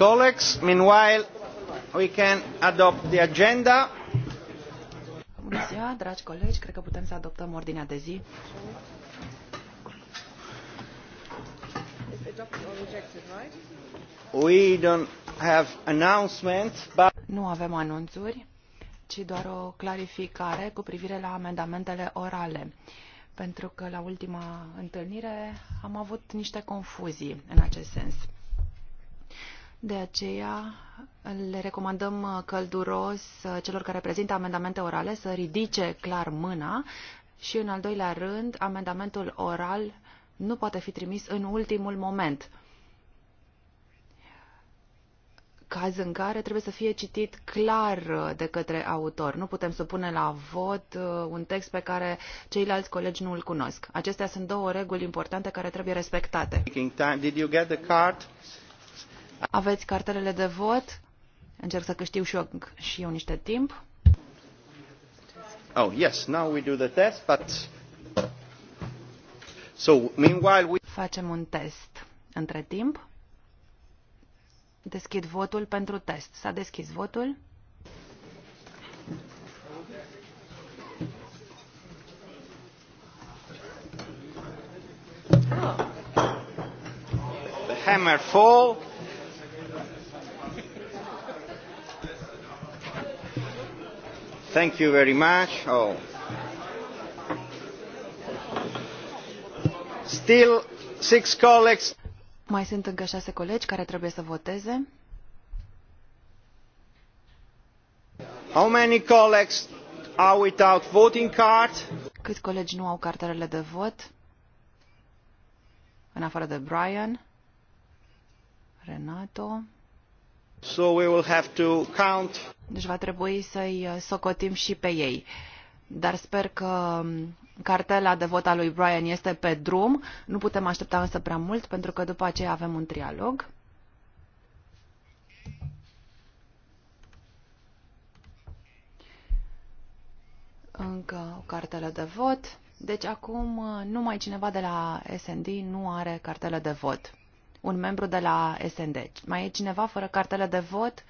colleagues, meanwhile, we can adopt the agenda. Bună ziua, dragi colegi, cred că putem să adoptăm ordinea de zi. We don't have but... Nu avem anunțuri, ci doar o clarificare cu privire la amendamentele orale pentru că la ultima întâlnire am avut niște confuzii în acest sens. De aceea le recomandăm uh, călduros uh, celor care prezintă amendamente orale să ridice clar mâna și, în al doilea rând, amendamentul oral nu poate fi trimis în ultimul moment, caz în care trebuie să fie citit clar uh, de către autor. Nu putem supune la vot un text pe care ceilalți colegi nu îl cunosc. Acestea sunt două reguli importante care trebuie respectate. Aveți cartelele de vot. Încerc să câștig și eu, și eu niște timp. Oh, yes, now we do the test, but... So, meanwhile we... Facem un test. Între timp, deschid votul pentru test. S-a deschis votul. hammer fall. Thank you very much. Oh. Still six colleagues. Mai sunt încă șase colegi care trebuie să voteze. How many colleagues are without voting card? Câți colegi nu au cartelele de vot? În afară de Brian, Renato, deci va trebui să-i uh, socotim și pe ei. Dar sper că um, cartela de vot a lui Brian este pe drum. Nu putem aștepta însă prea mult, pentru că după aceea avem un trialog. Încă o cartelă de vot. Deci acum uh, numai cineva de la SND nu are cartelă de vot un membru de la SND. Mai e cineva fără cartele de vot?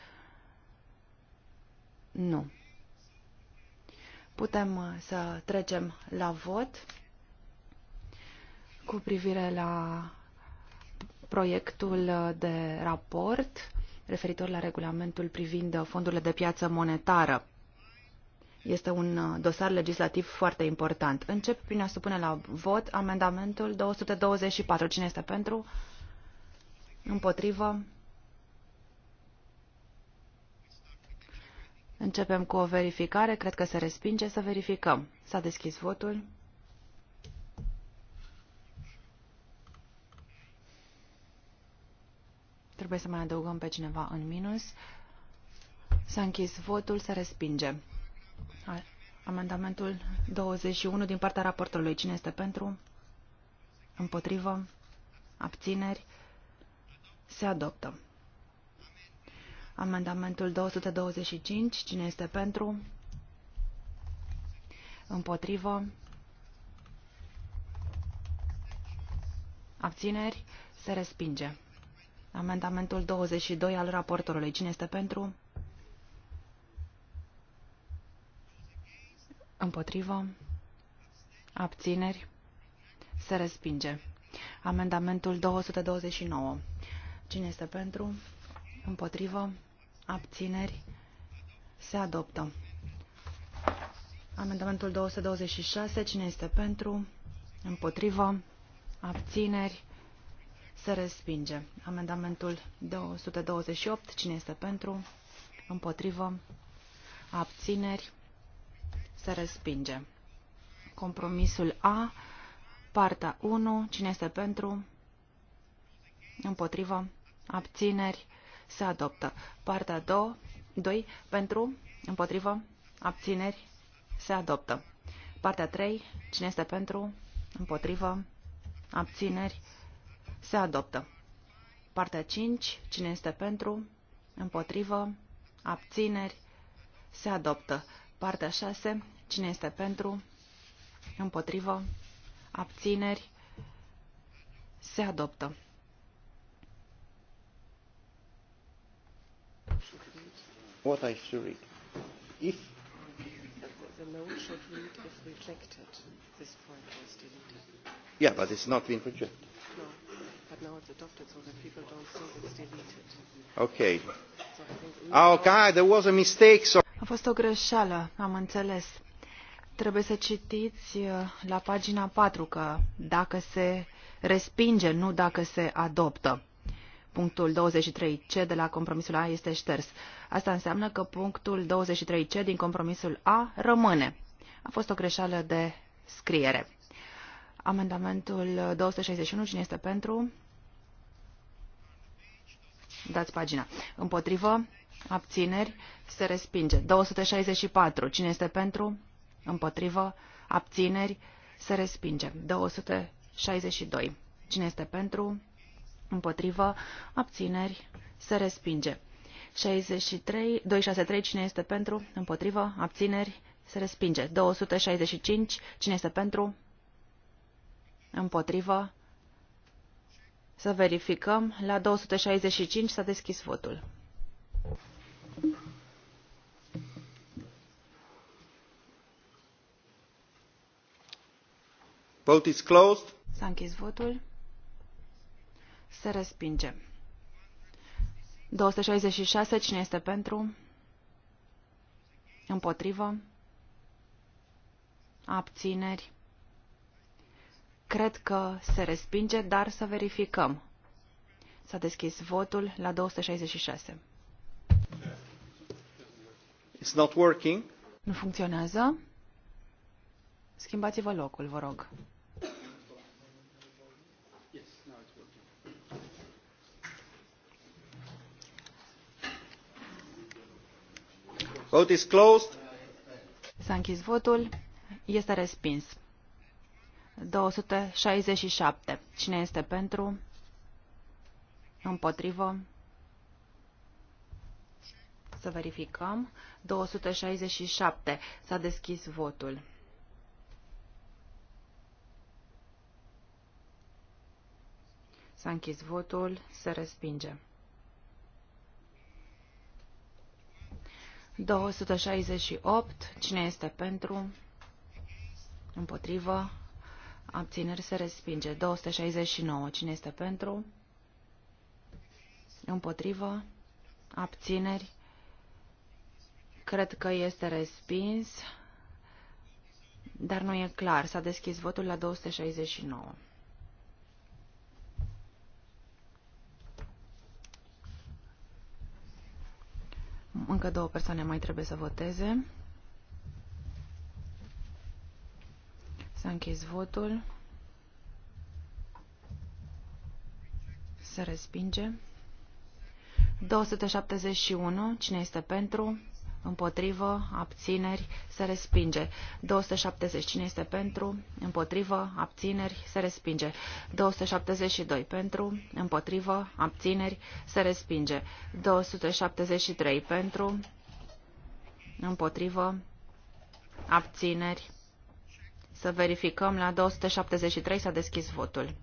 Nu. Putem uh, să trecem la vot cu privire la proiectul uh, de raport referitor la regulamentul privind uh, fondurile de piață monetară. Este un dosar legislativ foarte important. Încep prin a supune la vot amendamentul 224. Cine este pentru? Pentru. Împotrivă. Începem cu o verificare. Cred că se respinge să verificăm. S-a deschis votul. Trebuie să mai adăugăm pe cineva în minus. S-a închis votul, se respinge. Amendamentul 21 din partea raportului. Cine este pentru? Împotrivă? Abțineri? Se adoptă. Amendamentul 225. Cine este pentru? Împotrivă? Abțineri? Se respinge. Amendamentul 22 al raportorului. Cine este pentru? Împotrivă? Abțineri? Se respinge. Amendamentul 229. Cine este pentru? Împotrivă? Abțineri? Se adoptă. Amendamentul 226. Cine este pentru? Împotrivă? Abțineri? Se respinge. Amendamentul 228. Cine este pentru? Împotrivă? Abțineri? Se respinge. Compromisul A, partea 1. Cine este pentru? Împotrivă? abțineri, se adoptă. Partea a 2, pentru, împotrivă, abțineri, se adoptă. Partea 3, cine este pentru, împotrivă, abțineri, se adoptă. Partea 5, cine este pentru, împotrivă, abțineri, se adoptă. Partea 6, cine este pentru, împotrivă, abțineri, se adoptă. what I should read. If the note should read if rejected, this point was deleted. Yeah, but it's not been rejected. No, but now it's adopted, so that people don't think it's deleted. Okay. So oh, okay, there was a mistake. So a fost o greșeală, am înțeles. Trebuie să citiți uh, la pagina 4 că dacă se respinge, nu dacă se adoptă. Punctul 23C de la compromisul A este șters. Asta înseamnă că punctul 23C din compromisul A rămâne. A fost o greșeală de scriere. Amendamentul 261, cine este pentru? Dați pagina. Împotrivă? Abțineri? Se respinge. 264. Cine este pentru? Împotrivă? Abțineri? Se respinge. 262. Cine este pentru? Împotrivă? Abțineri? Se respinge. 63, 263, cine este pentru, împotrivă, abțineri, se respinge. 265, cine este pentru, împotrivă, să verificăm. La 265 s-a deschis votul. Vote is closed. S-a închis votul. Se respinge. 266. Cine este pentru? Împotrivă? Abțineri? Cred că se respinge, dar să verificăm. S-a deschis votul la 266. It's not working. Nu funcționează. Schimbați-vă locul, vă rog. Vote is closed. S-a închis votul. Este respins. 267. Cine este pentru? Împotrivă? Să verificăm. 267. S-a deschis votul. S-a închis votul. Se respinge. 268. Cine este pentru? Împotrivă. Abțineri se respinge. 269. Cine este pentru? Împotrivă. Abțineri. Cred că este respins, dar nu e clar. S-a deschis votul la 269. Încă două persoane mai trebuie să voteze. S-a închis votul. Se respinge. 271. Cine este pentru? împotrivă, abțineri, se respinge. 275 este pentru, împotrivă, abțineri, se respinge. 272. Pentru, împotrivă, abțineri, se respinge. 273. Pentru, împotrivă, abțineri. Să verificăm la 273 s-a deschis votul.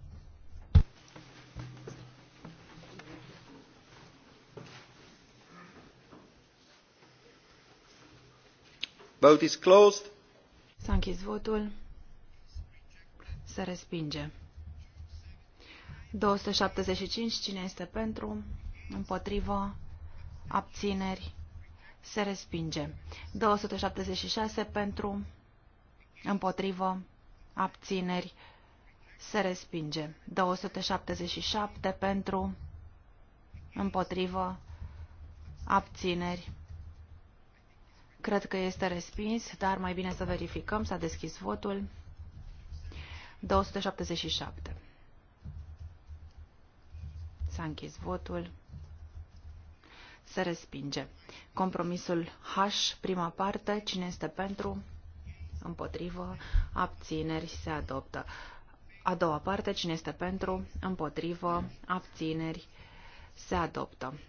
Vote is closed. S-a închis votul. Se respinge. 275. Cine este pentru? Împotrivă? Abțineri? Se respinge. 276 pentru? Împotrivă? Abțineri? Se respinge. 277 pentru? Împotrivă? Abțineri? Cred că este respins, dar mai bine să verificăm. S-a deschis votul. 277. S-a închis votul. Se respinge. Compromisul H, prima parte, cine este pentru? Împotrivă. Abțineri se adoptă. A doua parte, cine este pentru? Împotrivă. Abțineri se adoptă.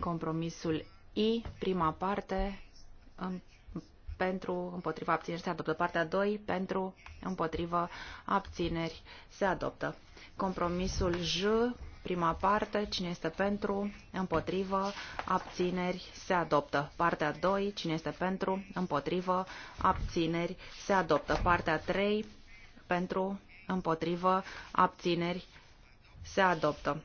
Compromisul I, prima parte, pentru, împotriva abțineri se adoptă. Partea 2 pentru, împotriva abțineri se adoptă. Compromisul J, prima parte, cine este pentru, împotriva abțineri se adoptă. Partea 2, cine este pentru, împotriva abțineri se adoptă. Partea 3, pentru, împotriva abțineri se adoptă.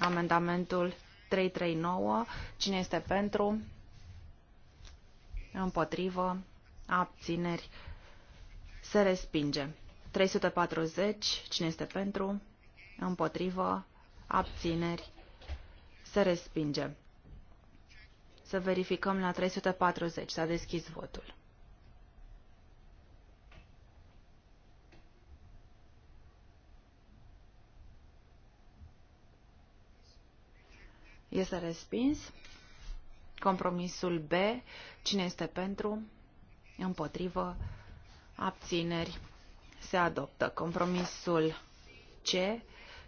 Amendamentul 339, cine este pentru, împotrivă, abțineri, se respinge. 340, cine este pentru, împotrivă, abțineri, se respinge. Să verificăm la 340, s-a deschis votul. Este respins. Compromisul B. Cine este pentru? Împotrivă. Abțineri. Se adoptă. Compromisul C.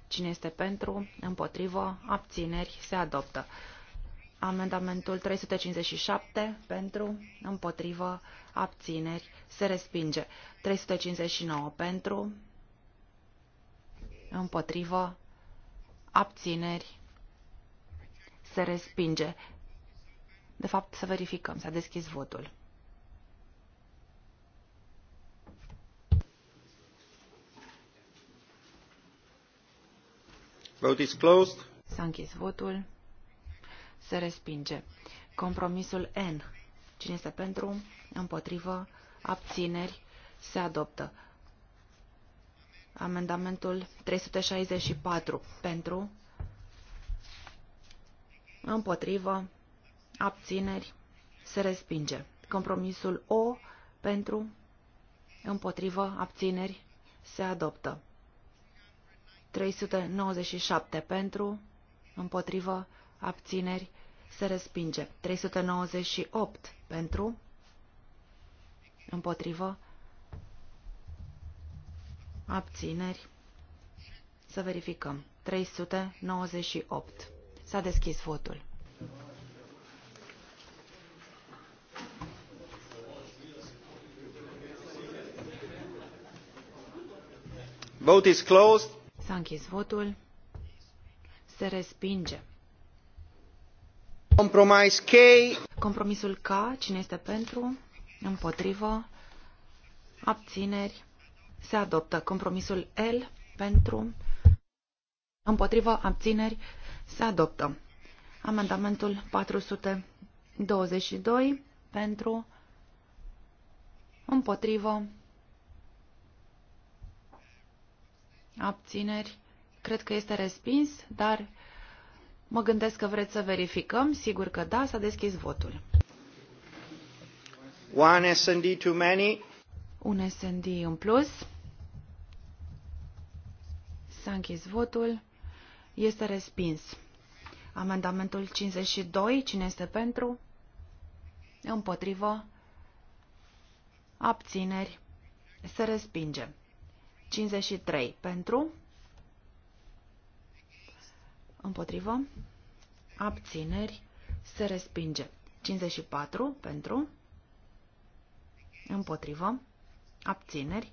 Cine este pentru? Împotrivă. Abțineri. Se adoptă. Amendamentul 357 pentru, împotrivă, abțineri, se respinge. 359 pentru, împotrivă, abțineri, se respinge. De fapt, să verificăm. S-a deschis votul. Vote is closed. S-a închis votul. Se respinge. Compromisul N. Cine este pentru? Împotrivă? Abțineri? Se adoptă. Amendamentul 364. Pentru? Împotrivă? abțineri, se respinge. Compromisul O pentru, împotrivă, abțineri, se adoptă. 397 pentru, împotrivă, abțineri, se respinge. 398 pentru, împotrivă, abțineri, să verificăm. 398. S-a deschis votul. S-a închis votul. Se respinge. Compromis K. Compromisul K. Cine este pentru? Împotrivă. Abțineri. Se adoptă. Compromisul L. Pentru. Împotrivă. Abțineri. Se adoptă. Amendamentul 422. Pentru. Împotrivă. abțineri, cred că este respins, dar mă gândesc că vreți să verificăm. Sigur că da, s-a deschis votul. One S&D too many. Un SND în plus. S-a închis votul. Este respins. Amendamentul 52. Cine este pentru? Împotrivă. Abțineri. Se respinge. 53 pentru, împotrivă, abțineri, se respinge. 54 pentru, împotrivă, abțineri,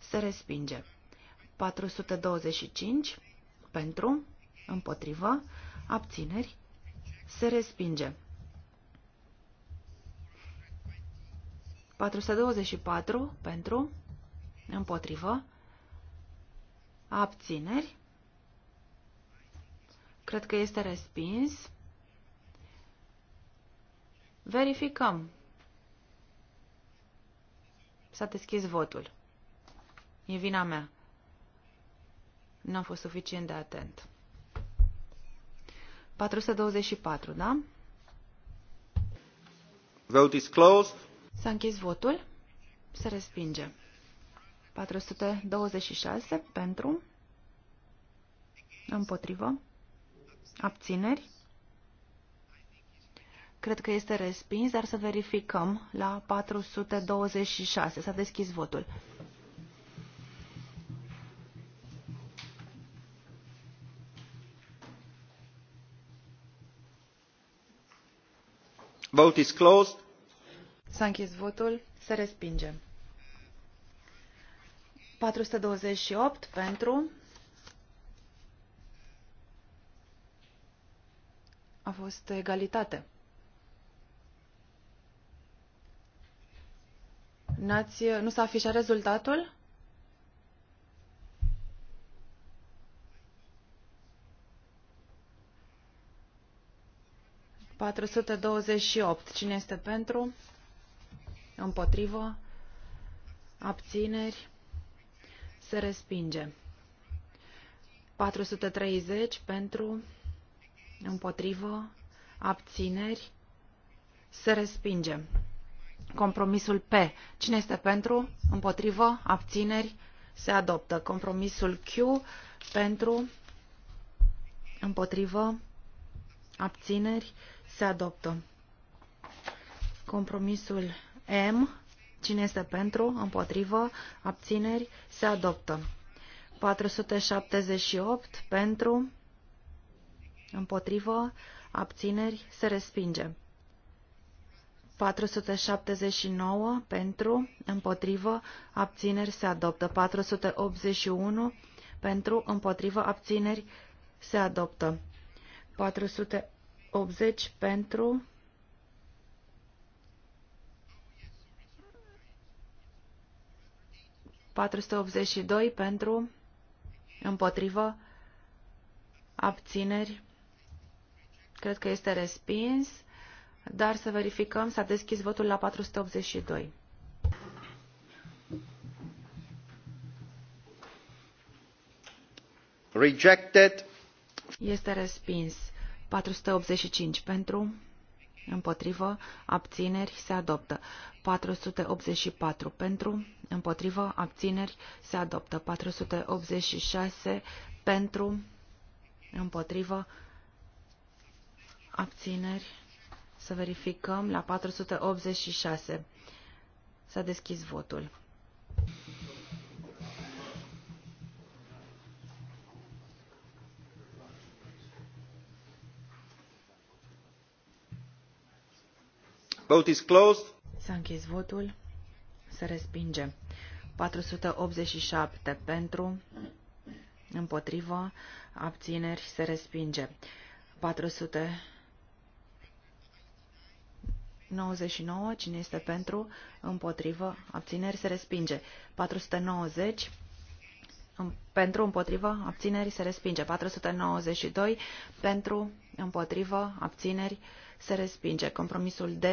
se respinge. 425 pentru, împotrivă, abțineri, se respinge. 424 pentru, Împotrivă. Abțineri. Cred că este respins. Verificăm. S-a deschis votul. E vina mea. Nu am fost suficient de atent. 424, da? Vote is closed. S-a închis votul. Se respinge. 426 pentru, împotrivă, abțineri. Cred că este respins, dar să verificăm la 426. S-a deschis votul. Vote is closed. S-a închis votul. Se respinge. 428 pentru. A fost egalitate. ați nu s-a afișat rezultatul? opt. Cine este pentru? Împotrivă? Abțineri? Se respinge. 430 pentru, împotrivă, abțineri, se respinge. Compromisul P. Cine este pentru, împotrivă, abțineri, se adoptă. Compromisul Q pentru, împotrivă, abțineri, se adoptă. Compromisul M Cine este pentru? Împotrivă? Abțineri? Se adoptă. 478 pentru? Împotrivă? Abțineri? Se respinge. 479 pentru, împotrivă, abțineri se adoptă. 481 pentru, împotrivă, abțineri se adoptă. 480 pentru, 482 pentru, împotrivă, abțineri. Cred că este respins, dar să verificăm, s-a deschis votul la 482. Rejected. Este respins. 485 pentru, împotrivă, abțineri, se adoptă. 484 pentru, împotrivă, abțineri, se adoptă. 486 pentru, împotrivă, abțineri, să verificăm la 486. S-a deschis votul. Vote is closed. S-a închis votul. Se respinge. 487 pentru, împotrivă, abțineri, se respinge. 499, cine este pentru, împotrivă, abțineri, se respinge. 490, pentru, împotrivă, abțineri, se respinge. 492, pentru, împotrivă, abțineri, se se respinge. Compromisul D,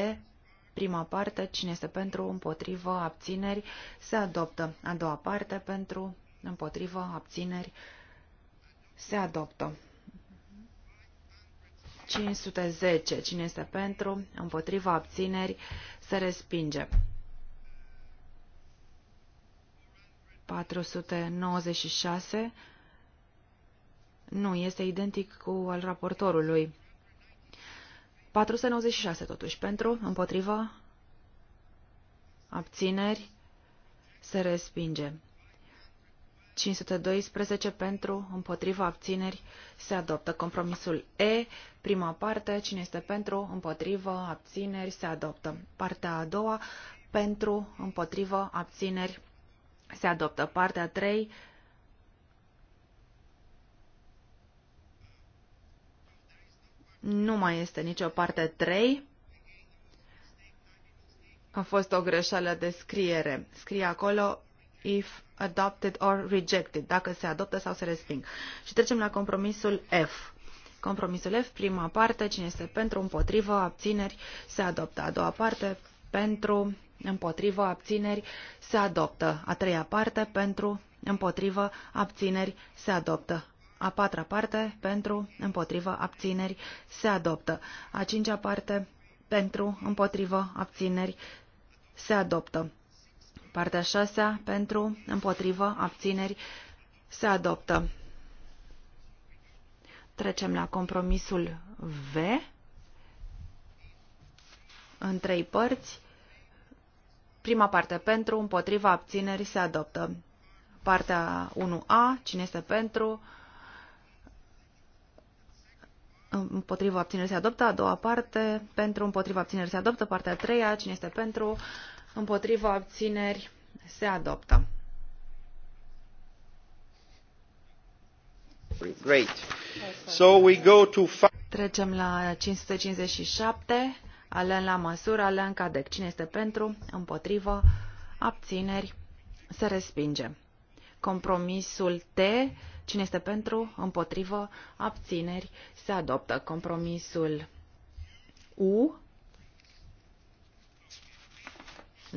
prima parte, cine este pentru, împotrivă, abțineri, se adoptă. A doua parte, pentru, împotrivă, abțineri, se adoptă. 510. Cine este pentru, împotrivă, abțineri, se respinge. 496. Nu, este identic cu al raportorului. 496 totuși pentru, împotrivă, abțineri, se respinge. 512 pentru, împotriva abțineri, se adoptă. Compromisul E, prima parte, cine este pentru, împotriva abțineri, se adoptă. Partea a doua, pentru, împotriva abțineri, se adoptă. Partea a trei. Nu mai este nicio parte 3. A fost o greșeală de scriere. Scrie acolo if adopted or rejected, dacă se adoptă sau se resping. Și trecem la compromisul F. Compromisul F, prima parte, cine este pentru, împotrivă, abțineri, se adoptă. A doua parte, pentru, împotrivă, abțineri, se adoptă. A treia parte, pentru, împotrivă, abțineri, se adoptă. A patra parte pentru, împotrivă, abțineri se adoptă. A cincea parte pentru, împotrivă, abțineri se adoptă. Partea șasea pentru, împotrivă, abțineri se adoptă. Trecem la compromisul V în trei părți. Prima parte pentru, împotriva, abțineri se adoptă. Partea 1A, cine este pentru, împotriva abținerii se adoptă, a doua parte pentru, împotriva abținerii se adoptă, partea a treia, cine este pentru, împotriva abțineri se adoptă. Great. So we go to... Trecem la 557, Alen la măsură, Alen Cadec. Cine este pentru, împotrivă, abțineri, se respinge. Compromisul T Cine este pentru? Împotrivă? Abțineri? Se adoptă. Compromisul U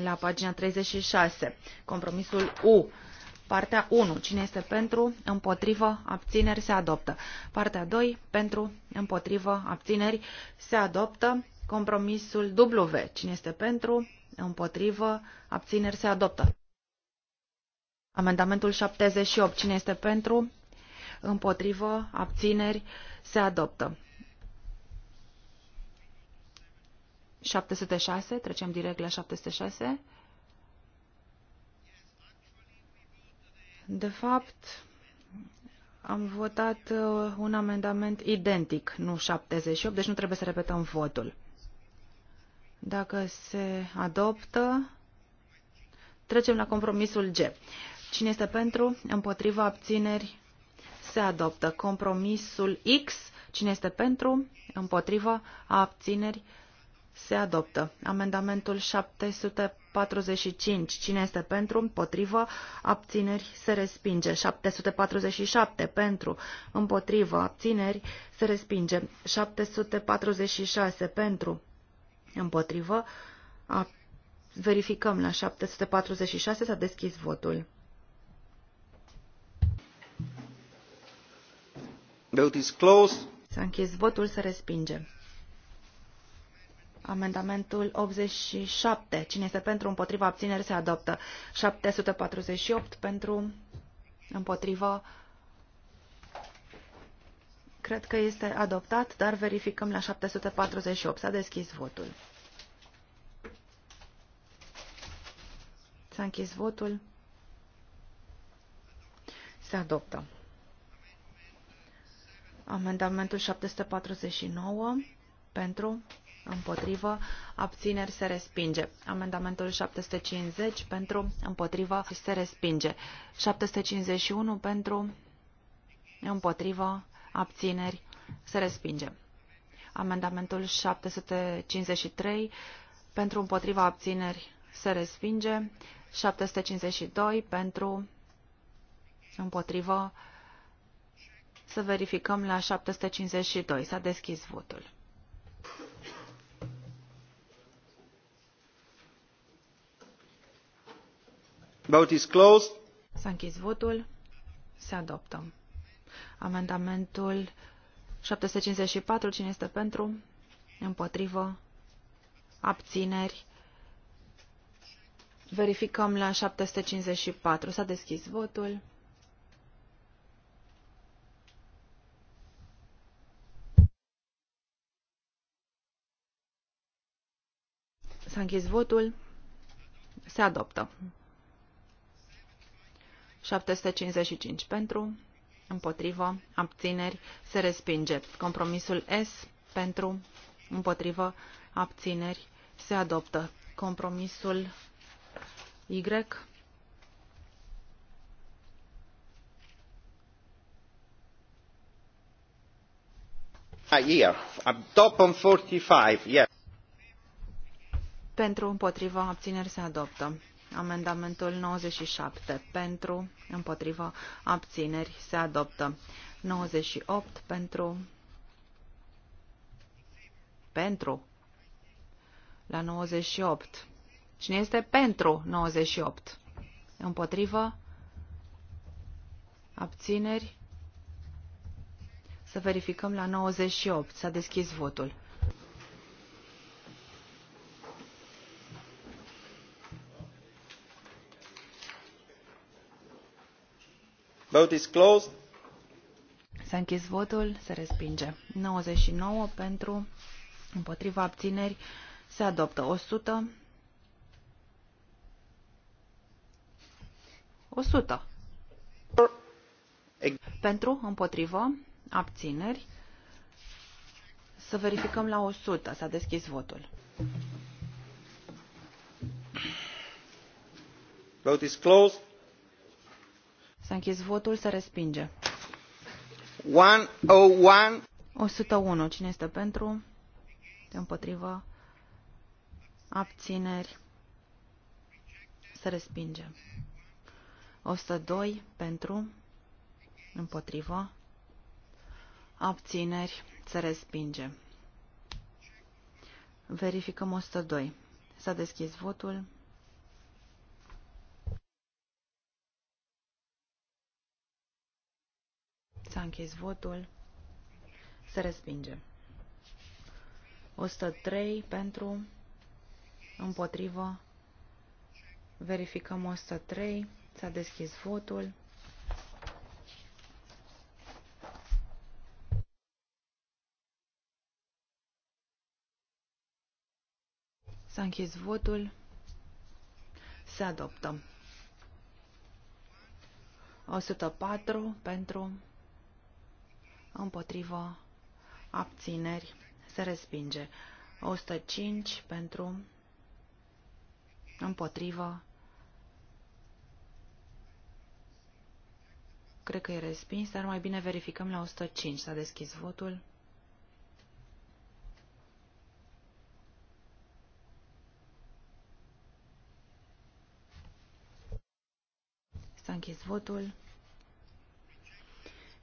la pagina 36. Compromisul U. Partea 1. Cine este pentru, împotrivă, abțineri, se adoptă. Partea 2. Pentru, împotrivă, abțineri, se adoptă. Compromisul W. Cine este pentru, împotrivă, abțineri, se adoptă. Amendamentul 78. Cine este pentru? Împotrivă? Abțineri? Se adoptă. 706. Trecem direct la 706. De fapt, am votat uh, un amendament identic, nu 78, deci nu trebuie să repetăm votul. Dacă se adoptă, trecem la compromisul G. Cine este pentru? Împotriva abțineri se adoptă. Compromisul X. Cine este pentru? Împotriva abțineri se adoptă. Amendamentul 745. Cine este pentru? Împotriva Abțineri. Se respinge. 747. Pentru. Împotriva Abțineri. Se respinge. 746. Pentru. Împotrivă. A... Verificăm la 746. S-a deschis votul. Vote is closed. S-a închis votul, să respingem. Amendamentul 87. Cine este pentru, împotriva, abțineri, se adoptă. 748 pentru, împotriva, cred că este adoptat, dar verificăm la 748. S-a deschis votul. S-a închis votul. Se adoptă. Amendamentul 749 pentru, împotrivă, abțineri se respinge. Amendamentul 750 pentru, împotrivă, se respinge. 751 pentru, împotrivă, abțineri se respinge. Amendamentul 753 pentru, împotriva, abțineri se respinge. 752 pentru, împotrivă, să verificăm la 752. S-a deschis votul. Vote is closed. S-a închis votul. Se adoptă. Amendamentul 754. Cine este pentru? Împotrivă? Abțineri? Verificăm la 754. S-a deschis votul. S-a închis votul. Se adoptă. 755 pentru, împotrivă, abțineri, se respinge. Compromisul S pentru, împotrivă, abțineri, se adoptă. Compromisul Y Ah, yeah. Top on 45, yeah. Pentru, împotriva, abțineri se adoptă. Amendamentul 97. Pentru, împotriva, abțineri se adoptă. 98. Pentru, pentru, la 98. Cine este pentru 98? Împotrivă, abțineri. Să verificăm la 98. S-a deschis votul. Vote is closed. S-a închis votul, se respinge. 99 pentru, împotriva abțineri, se adoptă 100. 100. Pentru, împotriva abțineri. Să verificăm la 100. S-a deschis votul. Vote is closed. S-a închis votul, se respinge. 101. unu. Cine este pentru? Împotrivă. Abțineri. Se respinge. doi. pentru. Împotrivă. Abțineri. Se respinge. Verificăm doi. S-a deschis votul. S-a închis votul. Se respinge. 103 pentru, împotrivă, verificăm 103, s-a deschis votul. S-a închis votul. Se adoptă. 104 pentru împotrivă, abțineri, se respinge. 105 pentru, împotrivă, cred că e respins, dar mai bine verificăm la 105. S-a deschis votul. S-a închis votul.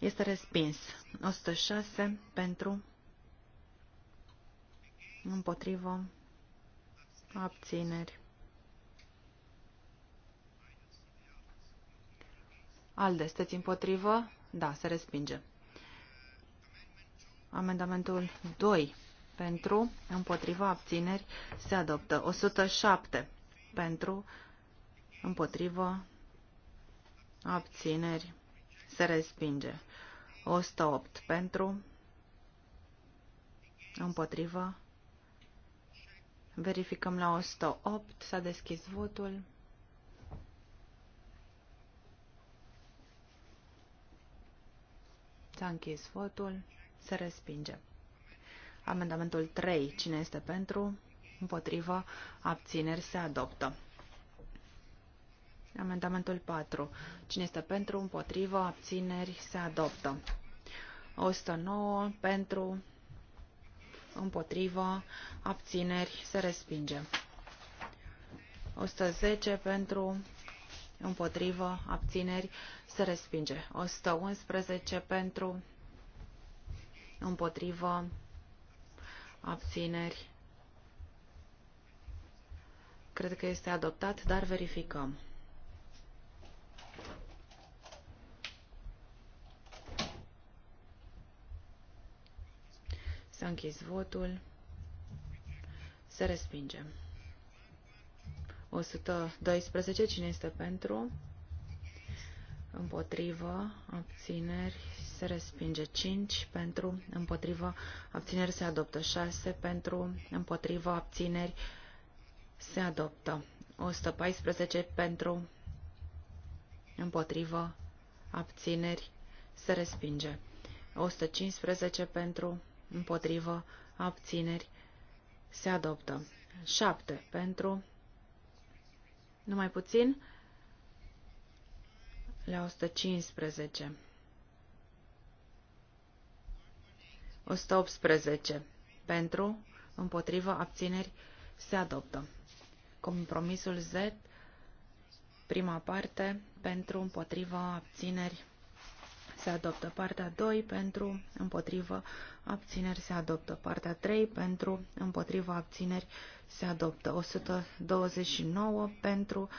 Este respins. 106 pentru, împotrivă, abțineri. Alde, sunteți împotrivă? Da, se respinge. Amendamentul 2 pentru, împotrivă abțineri, se adoptă. 107 pentru, împotrivă, abțineri se respinge. 108 pentru, împotrivă, verificăm la 108, s-a deschis votul. S-a închis votul, se respinge. Amendamentul 3, cine este pentru, împotrivă, abțineri, se adoptă. Amendamentul 4. Cine este pentru, împotrivă, abțineri, se adoptă. 109 pentru, împotrivă, abțineri, se respinge. 110 pentru, împotrivă, abțineri, se respinge. 111 pentru, împotrivă, abțineri. Cred că este adoptat, dar verificăm. Să închis votul. Se respinge. 112. Cine este pentru? Împotrivă. Abțineri. Se respinge. 5. Pentru. Împotrivă. Abțineri. Se adoptă. 6. Pentru. Împotrivă. Abțineri. Se adoptă. 114. Pentru. Împotrivă. Abțineri. Se respinge. 115 pentru împotrivă, abțineri, se adoptă. 7 pentru, numai puțin, la 115. 118 pentru, împotrivă, abțineri, se adoptă. Compromisul Z, prima parte, pentru, împotrivă, abțineri, se adoptă. Partea 2 pentru, împotrivă, abțineri se adoptă. Partea 3 pentru, împotrivă, abțineri se adoptă. 129 pentru,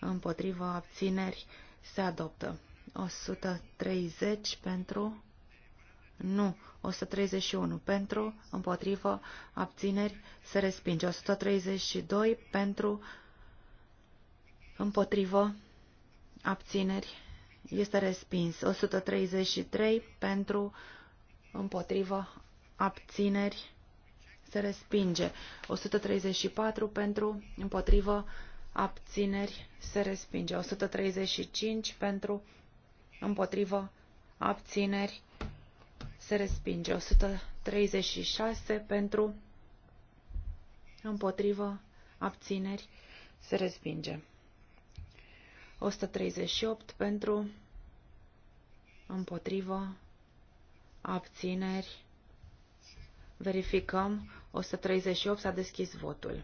împotrivă, abțineri se adoptă. 130 pentru, nu, 131 pentru, împotrivă, abțineri se respinge. 132 pentru, împotrivă, abțineri este respins. 133 pentru, împotrivă, abțineri, se respinge. 134 pentru, împotrivă, abțineri, se respinge. 135 pentru, împotrivă, abțineri, se respinge. 136 pentru, împotrivă, abțineri, se respinge. 138 pentru, împotrivă, abțineri. Verificăm. 138 s-a deschis votul.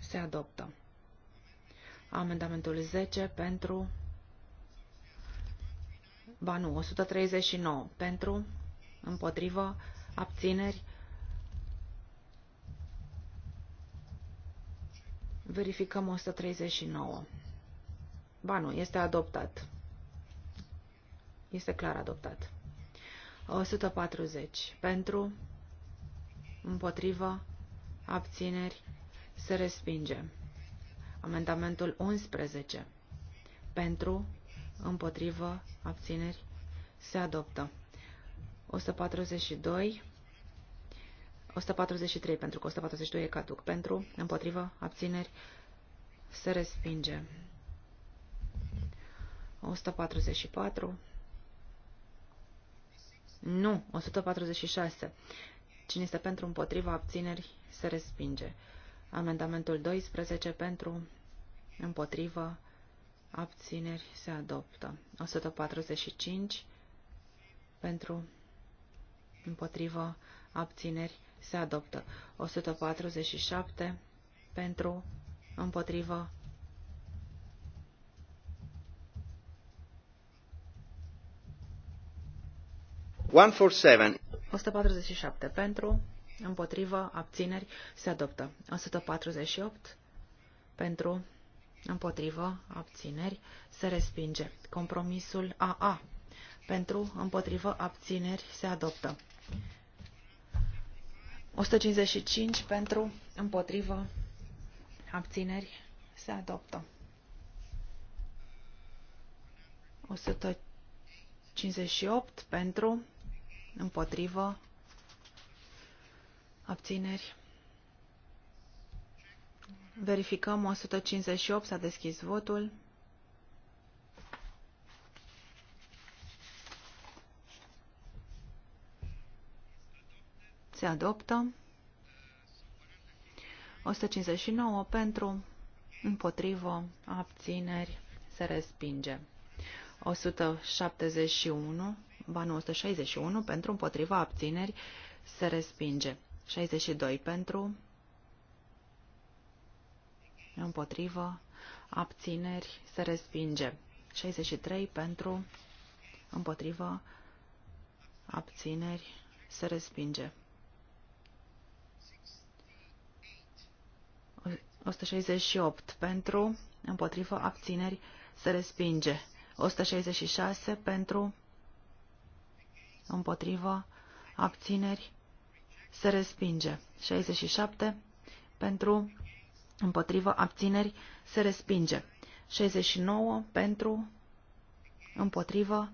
Se adoptă. Amendamentul 10 pentru... Ba nu, 139 pentru, împotrivă, abțineri, Verificăm 139. Ba nu, este adoptat. Este clar adoptat. 140. Pentru, împotrivă, abțineri, se respinge. Amendamentul 11. Pentru, împotrivă, abțineri, se adoptă. 142 143 pentru că 142 e caduc. Pentru, împotrivă, abțineri, se respinge. 144. Nu, 146. Cine este pentru, împotriva, abțineri, se respinge. Amendamentul 12 pentru, împotriva, abțineri, se adoptă. 145 pentru, împotriva, abțineri, se adoptă. 147 pentru, împotrivă, One for seven. 147 pentru, împotrivă, abțineri, se adoptă. 148 pentru, împotrivă, abțineri, se respinge. Compromisul AA pentru, împotrivă, abțineri, se adoptă. 155 pentru, împotrivă, abțineri, se adoptă. 158 pentru, împotrivă, abțineri. Verificăm 158, s-a deschis votul. Se adoptă. 159 pentru, împotrivă, abțineri, se respinge. 171, ba nu, 161 pentru, împotriva, abțineri, se respinge. 62 pentru, împotrivă, abțineri, se respinge. 63 pentru, împotrivă, abțineri, se respinge. 168 pentru, împotrivă, abțineri, se respinge. 166 pentru, împotrivă, abțineri, se respinge. 67 pentru, împotrivă, abțineri, se respinge. 69 pentru, împotrivă,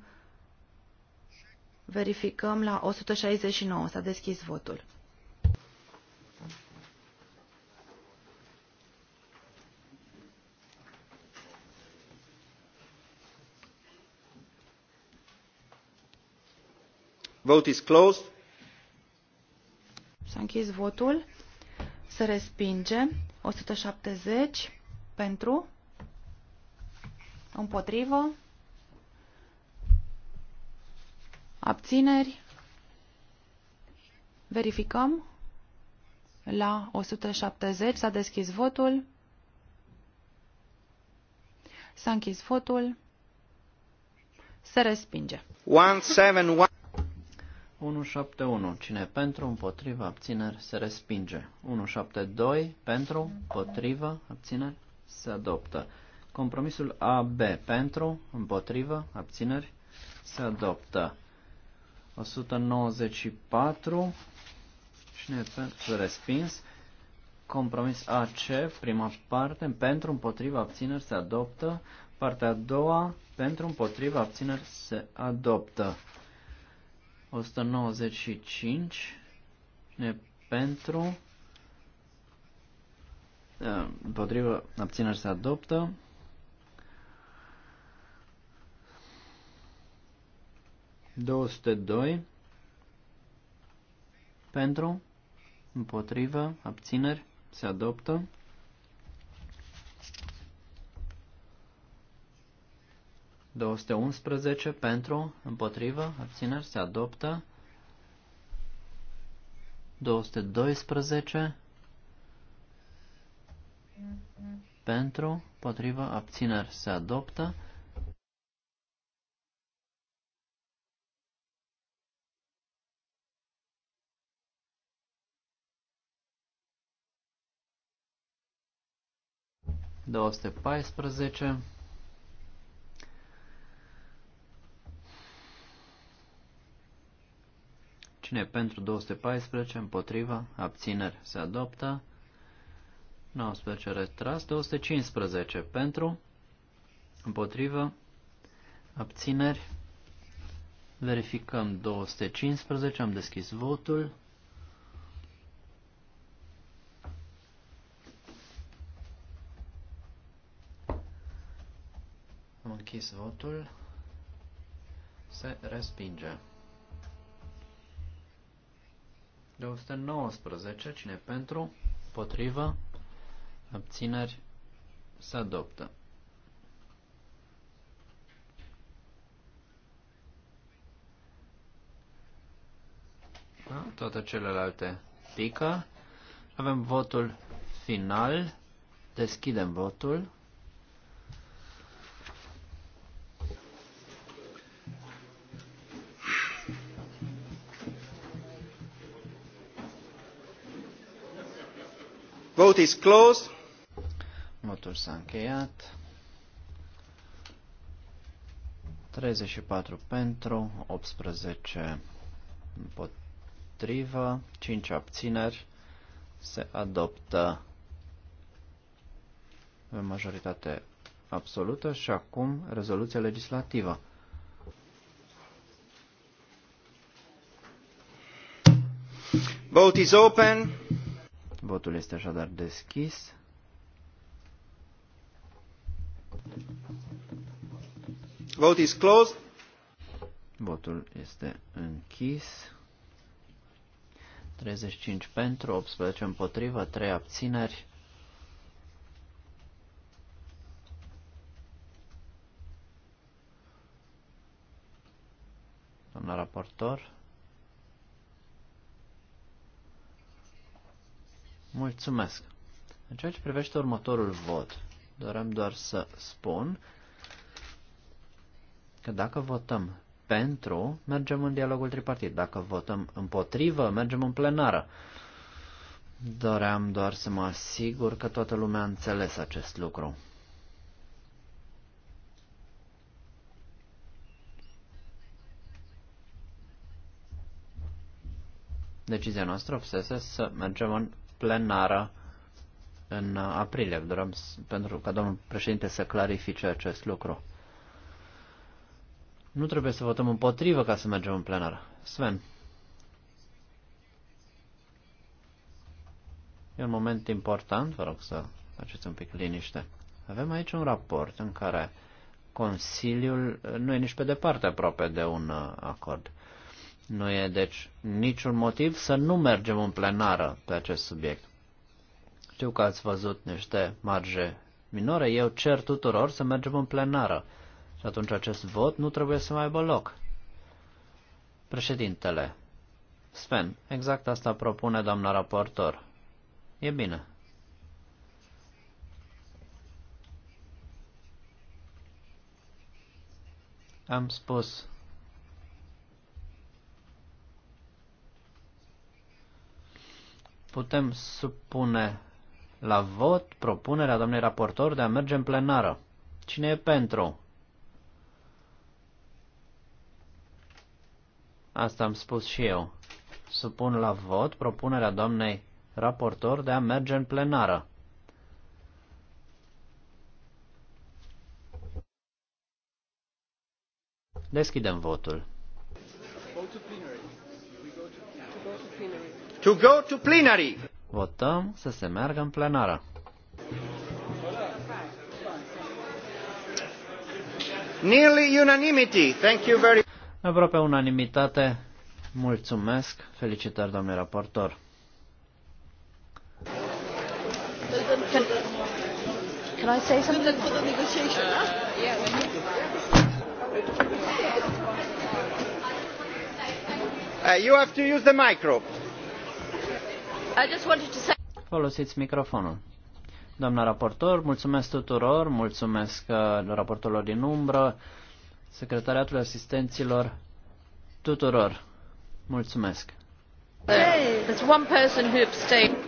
verificăm la 169, s-a deschis votul. Vote is closed. S-a închis votul. Se respinge. 170 pentru. Împotrivă. Abțineri. Verificăm. La 170 s-a deschis votul. S-a închis votul. Se respinge. 171. 171. Cine pentru, împotriva, abțineri, se respinge. 172. Pentru, împotriva, abțineri, se adoptă. Compromisul AB. Pentru, împotriva, abțineri, se adoptă. 194. Cine pentru, respins. Compromis AC, prima parte, pentru, împotriva, abțineri, se adoptă. Partea a doua, pentru, împotriva, abțineri, se adoptă. 195 e pentru, împotrivă, abțineri se adoptă. doi pentru, împotrivă, abțineri, se adoptă. 211 pentru, împotrivă, abțineri, se adoptă. 212 pentru, împotrivă, abțineri, se adoptă. 214 rugăciune pentru 214? Împotriva? Abțineri? Se adoptă. 19 retras. 215 pentru. Împotrivă. Abțineri. Verificăm 215. Am deschis votul. Am închis votul. Se respinge. de Cine pentru? Potrivă? Abțineri? Se adoptă. Da? Toate celelalte pică. Avem votul final. Deschidem votul. vote is closed. Votul s-a încheiat. 34 pentru, 18 împotrivă, 5 abțineri. Se adoptă în majoritate absolută și acum rezoluția legislativă. Vote is open. Votul este așadar deschis. Vote is closed. Votul este închis. 35 pentru, 18 împotrivă, 3 abțineri. Doamna raportor. Mulțumesc. În ceea ce privește următorul vot, doream doar să spun că dacă votăm pentru, mergem în dialogul tripartit. Dacă votăm împotrivă, mergem în plenară. Doream doar să mă asigur că toată lumea a înțeles acest lucru. Decizia noastră obsese să mergem în plenară în aprilie. Dorăm pentru ca domnul președinte să clarifice acest lucru. Nu trebuie să votăm împotrivă ca să mergem în plenară. Sven. E un moment important, vă rog să faceți un pic liniște. Avem aici un raport în care Consiliul nu e nici pe departe aproape de un uh, acord. Nu e, deci, niciun motiv să nu mergem în plenară pe acest subiect. Știu că ați văzut niște marge minore, eu cer tuturor să mergem în plenară. Și atunci acest vot nu trebuie să mai aibă loc. Președintele. Sven, exact asta propune doamna raportor. E bine. Am spus putem supune la vot propunerea domnului raportor de a merge în plenară. Cine e pentru? Asta am spus și eu. Supun la vot propunerea doamnei raportor de a merge în plenară. Deschidem votul to go to plenary. Votăm să se meargă în plenară. Nearly unanimity. Thank you very Aproape unanimitate. Mulțumesc. Felicitări, domnule raportor. Can, can I say something? For the negotiation, uh, yeah, Uh, you have to use the microphone. Folosiți microfonul. Doamna raportor, mulțumesc tuturor, mulțumesc uh, raportorilor din umbră, secretariatul asistenților, tuturor. Mulțumesc. Hey, there's one person who abstained.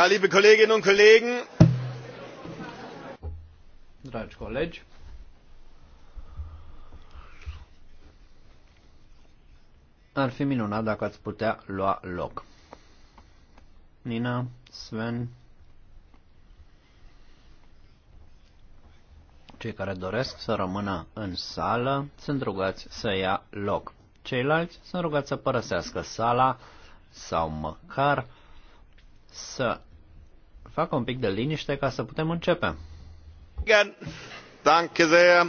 liebe Kolleginnen und Kollegen. Dragi colegi. Ar fi minunat dacă ați putea lua loc. Nina, Sven, cei care doresc să rămână în sală sunt rugați să ia loc. Ceilalți sunt rugați să părăsească sala sau măcar să facă un pic de liniște ca să putem începe. Danke sehr.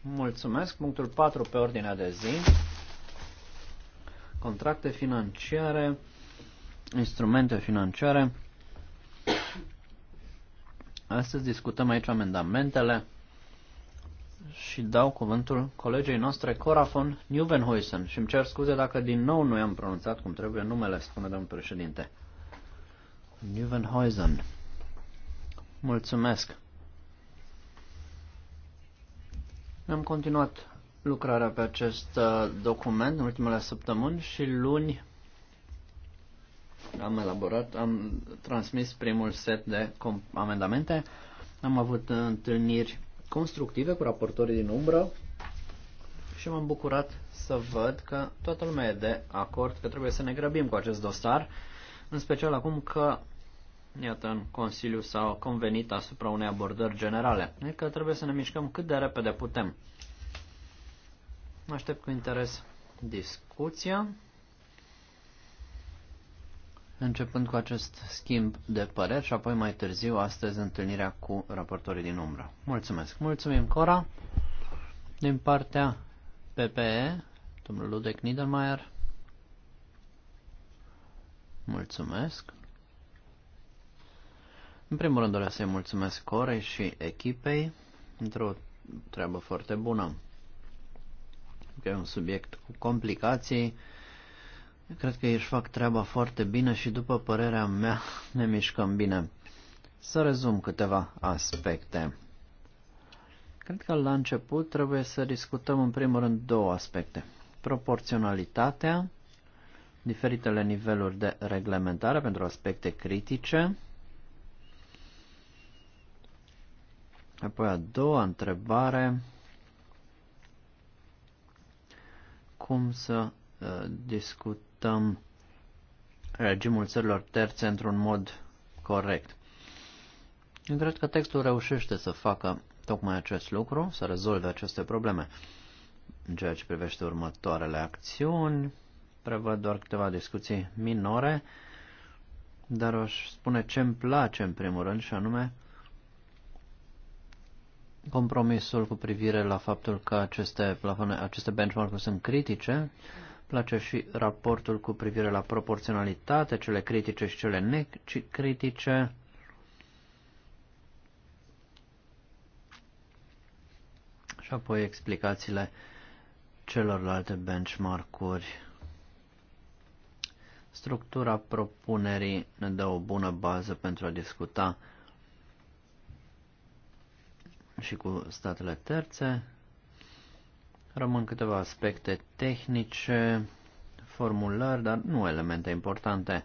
Mulțumesc. Punctul 4 pe ordinea de zi. Contracte financiare, instrumente financiare. Astăzi discutăm aici amendamentele și dau cuvântul colegei noastre Corafon Newbenhuisen și îmi cer scuze dacă din nou nu i-am pronunțat cum trebuie numele, spune domnul președinte. Nieuwenhuisen. Mulțumesc. am continuat lucrarea pe acest uh, document în ultimele săptămâni și luni am elaborat, am transmis primul set de amendamente. Am avut uh, întâlniri constructive cu raportorii din umbră și m-am bucurat să văd că toată lumea e de acord că trebuie să ne grăbim cu acest dosar, în special acum că, iată, în Consiliu s a convenit asupra unei abordări generale, adică trebuie să ne mișcăm cât de repede putem. Mă Aștept cu interes discuția începând cu acest schimb de păreri și apoi mai târziu astăzi întâlnirea cu raportorii din umbră. Mulțumesc! Mulțumim, Cora! Din partea PPE, domnul Ludec Niedermayer, mulțumesc! În primul rând doresc să-i mulțumesc Corei și echipei într-o treabă foarte bună. E un subiect cu complicații, eu cred că își fac treaba foarte bine și după părerea mea ne mișcăm bine. Să rezum câteva aspecte. Cred că la început trebuie să discutăm în primul rând două aspecte. Proporționalitatea, diferitele niveluri de reglementare pentru aspecte critice. Apoi a doua întrebare, cum să uh, discutăm adoptăm regimul țărilor terțe într-un mod corect. Eu cred că textul reușește să facă tocmai acest lucru, să rezolve aceste probleme. În ceea ce privește următoarele acțiuni, prevăd doar câteva discuții minore, dar aș spune ce îmi place în primul rând și anume compromisul cu privire la faptul că aceste, plafoane, aceste benchmark-uri sunt critice, place și raportul cu privire la proporționalitate, cele critice și cele necritice. Și apoi explicațiile celorlalte benchmark-uri. Structura propunerii ne dă o bună bază pentru a discuta și cu statele terțe, Rămân câteva aspecte tehnice, formulări, dar nu elemente importante.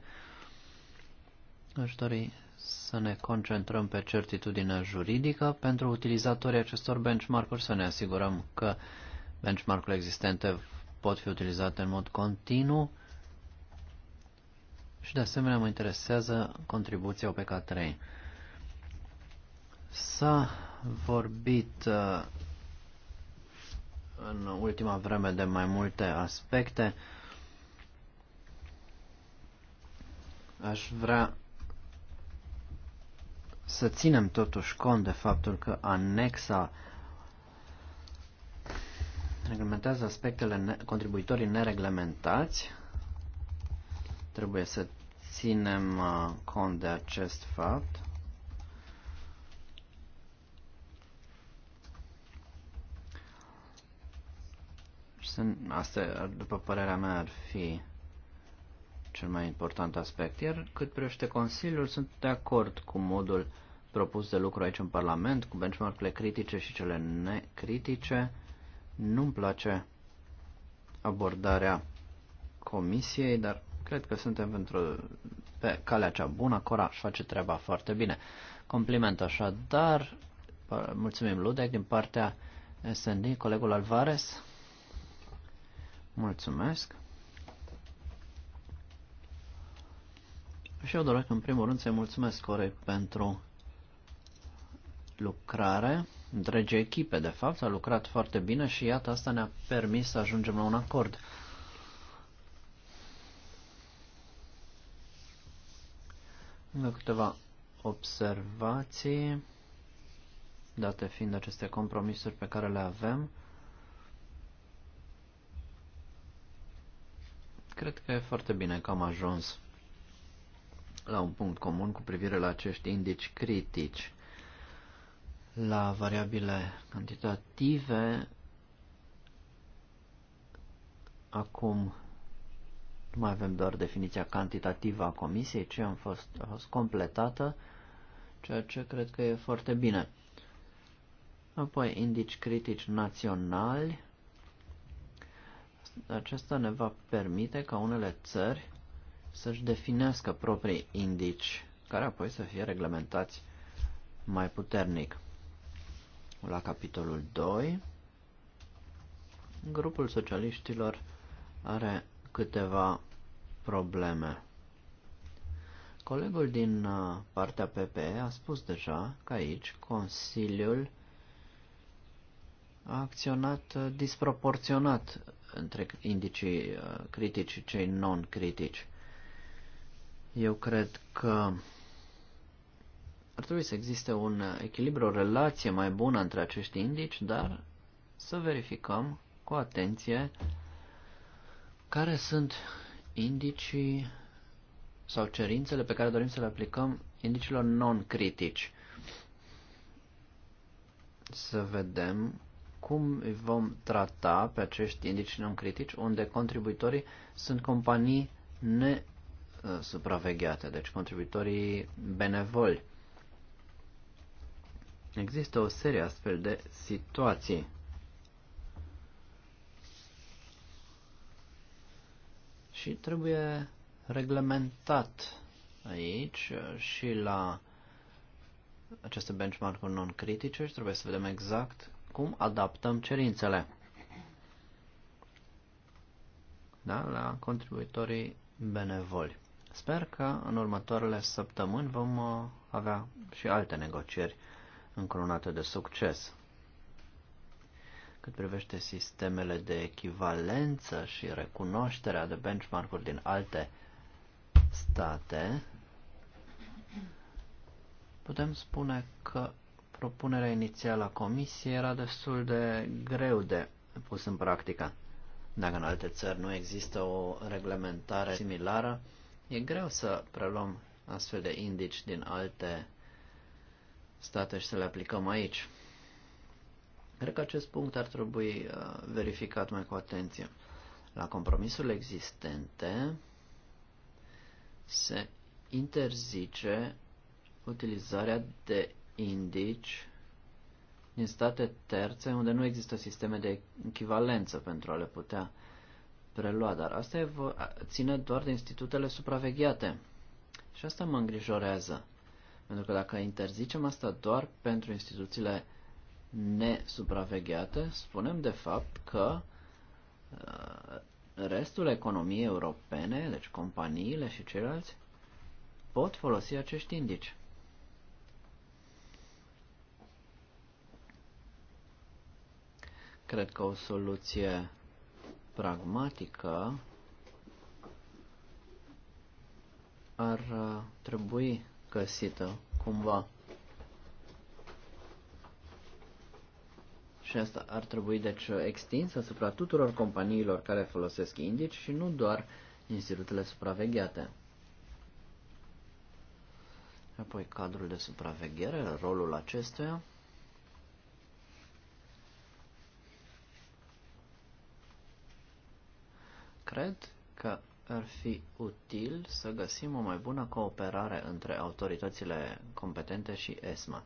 Aș dori să ne concentrăm pe certitudinea juridică pentru utilizatorii acestor benchmark-uri, să ne asigurăm că benchmark-urile existente pot fi utilizate în mod continuu și de asemenea mă interesează contribuția OPK3. S-a vorbit uh, în ultima vreme de mai multe aspecte. Aș vrea să ținem totuși cont de faptul că anexa reglementează aspectele ne- contribuitorii nereglementați. Trebuie să ținem uh, cont de acest fapt. sunt, asta, după părerea mea, ar fi cel mai important aspect. Iar cât privește Consiliul, sunt de acord cu modul propus de lucru aici în Parlament, cu benchmark-urile critice și cele necritice. Nu-mi place abordarea Comisiei, dar cred că suntem într-o, pe calea cea bună. Cora își face treaba foarte bine. Compliment așadar. Mulțumim, Ludec, din partea SND, colegul Alvarez. Mulțumesc. Și eu doresc în primul rând să-i mulțumesc Corei pentru lucrare, Întrege echipe de fapt, a lucrat foarte bine și iată asta ne-a permis să ajungem la un acord. Încă câteva observații, date fiind aceste compromisuri pe care le avem. Cred că e foarte bine că am ajuns la un punct comun cu privire la acești indici critici. La variabile cantitative, acum nu mai avem doar definiția cantitativă a comisiei, ci am fost, a fost completată, ceea ce cred că e foarte bine. Apoi indici critici naționali, acesta ne va permite ca unele țări să-și definească proprii indici, care apoi să fie reglementați mai puternic. La capitolul 2, grupul socialiștilor are câteva probleme. Colegul din uh, partea PPE a spus deja că aici Consiliul a acționat uh, disproporționat între indicii uh, critici și cei non-critici. Eu cred că ar trebui să existe un echilibru, o relație mai bună între acești indici, dar să verificăm cu atenție care sunt indicii sau cerințele pe care dorim să le aplicăm indicilor non-critici. Să vedem cum vom trata pe acești indici non-critici, unde contribuitorii sunt companii nesupravegheate, uh, deci contribuitorii benevoli. Există o serie astfel de situații. Și trebuie reglementat aici uh, și la aceste benchmark-uri non-critice și trebuie să vedem exact cum adaptăm cerințele da, la contribuitorii benevoli. Sper că în următoarele săptămâni vom uh, avea și alte negocieri încoronate de succes. Cât privește sistemele de echivalență și recunoașterea de benchmark-uri din alte state, putem spune că propunerea inițială a comisiei era destul de greu de pus în practică. Dacă în alte țări nu există o reglementare similară, e greu să preluăm astfel de indici din alte state și să le aplicăm aici. Cred că acest punct ar trebui uh, verificat mai cu atenție. La compromisurile existente se interzice utilizarea de indici din state terțe unde nu există sisteme de echivalență pentru a le putea prelua, dar asta e, ține doar de institutele supravegheate. Și asta mă îngrijorează, pentru că dacă interzicem asta doar pentru instituțiile nesupravegheate, spunem de fapt că uh, restul economiei europene, deci companiile și ceilalți, pot folosi acești indici. Cred că o soluție pragmatică ar uh, trebui găsită cumva. Și asta ar trebui deci extinsă asupra tuturor companiilor care folosesc indici și nu doar institutele supravegheate. Apoi cadrul de supraveghere, rolul acestuia. cred că ar fi util să găsim o mai bună cooperare între autoritățile competente și ESMA.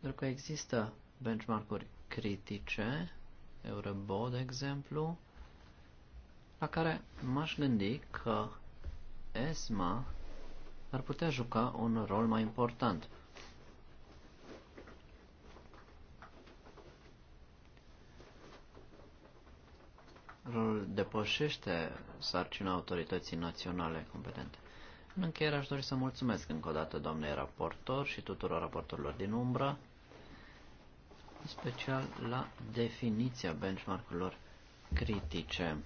Pentru că există benchmark-uri critice, Eurobo, de exemplu, la care m-aș gândi că ESMA ar putea juca un rol mai important. depășește sarcina autorității naționale competente. În încheiere aș dori să mulțumesc încă o dată doamnei raportor și tuturor raportorilor din umbră, în special la definiția benchmark-urilor critice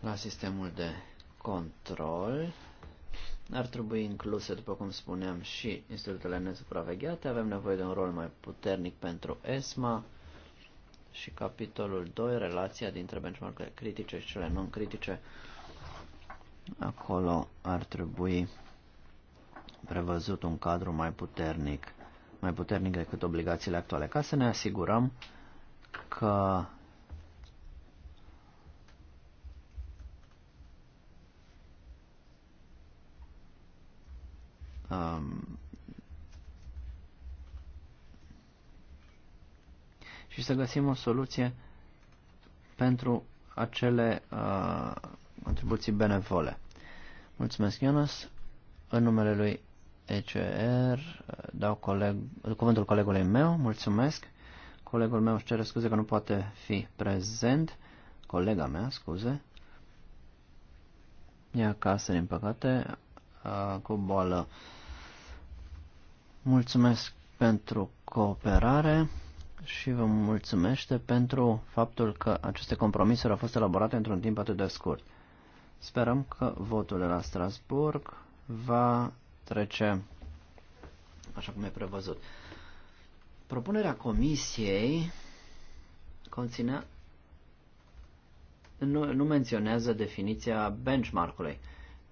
la sistemul de control. Ar trebui incluse, după cum spuneam, și institutele nesupravegheate. Avem nevoie de un rol mai puternic pentru ESMA și capitolul 2, relația dintre benchmark critice și cele non-critice. Acolo ar trebui prevăzut un cadru mai puternic, mai puternic decât obligațiile actuale, ca să ne asigurăm că um, și să găsim o soluție pentru acele uh, contribuții benevole. Mulțumesc, Ionas. În numele lui ECR uh, dau coleg, cuvântul colegului meu. Mulțumesc. Colegul meu își cere scuze că nu poate fi prezent. Colega mea, scuze. E acasă, din păcate, uh, cu boală. Mulțumesc pentru cooperare și vă mulțumește pentru faptul că aceste compromisuri au fost elaborate într-un timp atât de scurt. Sperăm că votul de la Strasburg va trece așa cum e prevăzut. Propunerea comisiei conține nu, nu menționează definiția benchmark-ului.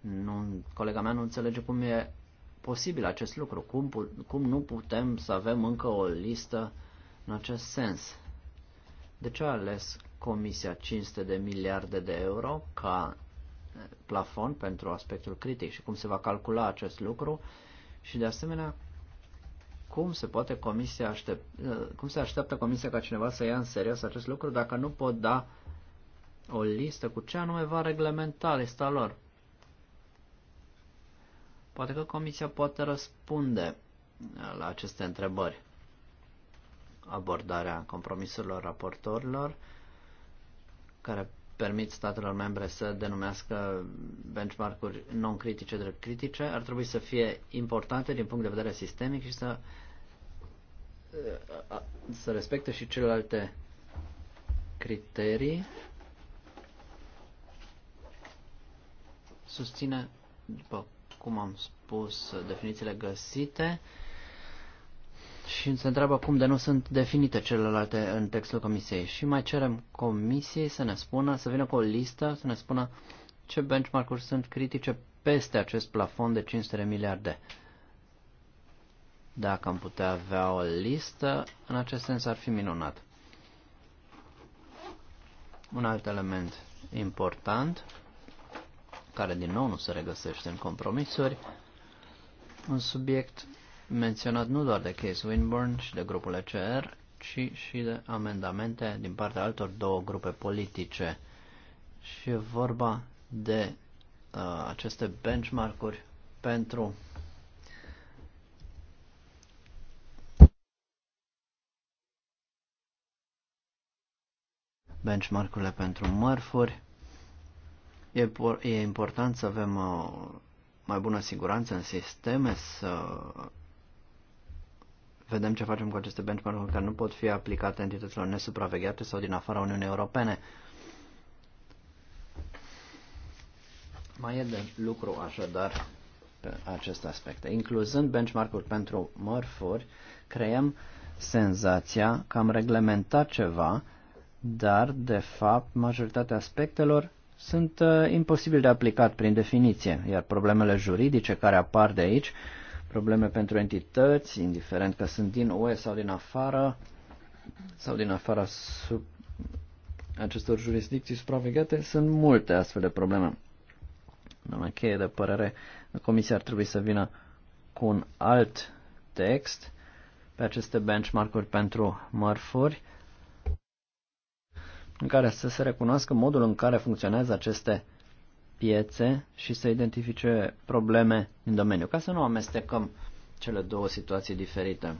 Nu, colega mea nu înțelege cum e posibil acest lucru, cum, cum nu putem să avem încă o listă uh, în acest sens. De ce a ales Comisia 500 de miliarde de euro ca eh, plafon pentru aspectul critic și cum se va calcula acest lucru și de asemenea cum se poate comisia aștept, eh, cum se așteaptă comisia ca cineva să ia în serios acest lucru dacă nu pot da o listă cu ce anume va reglementa lista lor. Poate că comisia poate răspunde eh, la aceste întrebări abordarea compromisurilor raportorilor care permit statelor membre să denumească benchmark-uri non-critice drept critice, ar trebui să fie importante din punct de vedere sistemic și să, uh, să respecte și celelalte criterii. Susține, după cum am spus, definițiile găsite și se întreabă cum de nu sunt definite celelalte în textul comisiei. Și mai cerem comisiei să ne spună, să vină cu o listă, să ne spună ce benchmark-uri sunt critice peste acest plafon de 500 de miliarde. Dacă am putea avea o listă, în acest sens ar fi minunat. Un alt element important, care din nou nu se regăsește în compromisuri, un subiect menționat nu doar de Case Winburn și de grupul ECR, ci și de amendamente din partea altor două grupe politice. Și e vorba de uh, aceste benchmark-uri pentru benchmark-urile pentru mărfuri. E, e important să avem o uh, mai bună siguranță în sisteme, să vedem ce facem cu aceste benchmark-uri care nu pot fi aplicate entităților nesupravegheate sau din afara Uniunii Europene. Mai e de lucru așadar pe acest aspect. Incluzând benchmark-uri pentru mărfuri, creăm senzația că am reglementat ceva, dar de fapt majoritatea aspectelor sunt uh, imposibil de aplicat prin definiție, iar problemele juridice care apar de aici uh, probleme pentru entități, indiferent că sunt din UE sau din afară, sau din afara sub acestor jurisdicții supravegheate, sunt multe astfel de probleme. Doamna cheie de părere, Comisia ar trebui să vină cu un alt text pe aceste benchmark-uri pentru mărfuri, în care să se recunoască modul în care funcționează aceste piețe și să identifice probleme în domeniu, ca să nu amestecăm cele două situații diferite.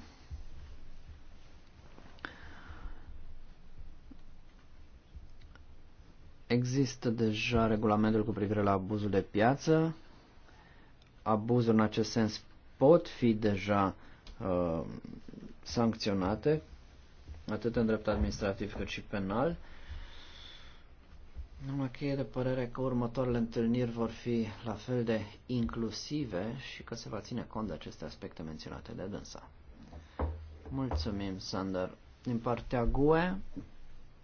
Există deja regulamentul cu privire la abuzul de piață. Abuzul în acest sens pot fi deja uh, sancționate, atât în drept administrativ cât și penal. Uh, că e de părere că următoarele întâlniri vor fi la fel de inclusive și că se va ține cont de aceste aspecte menționate de dânsa. Mulțumim, Sander. Din partea GUE,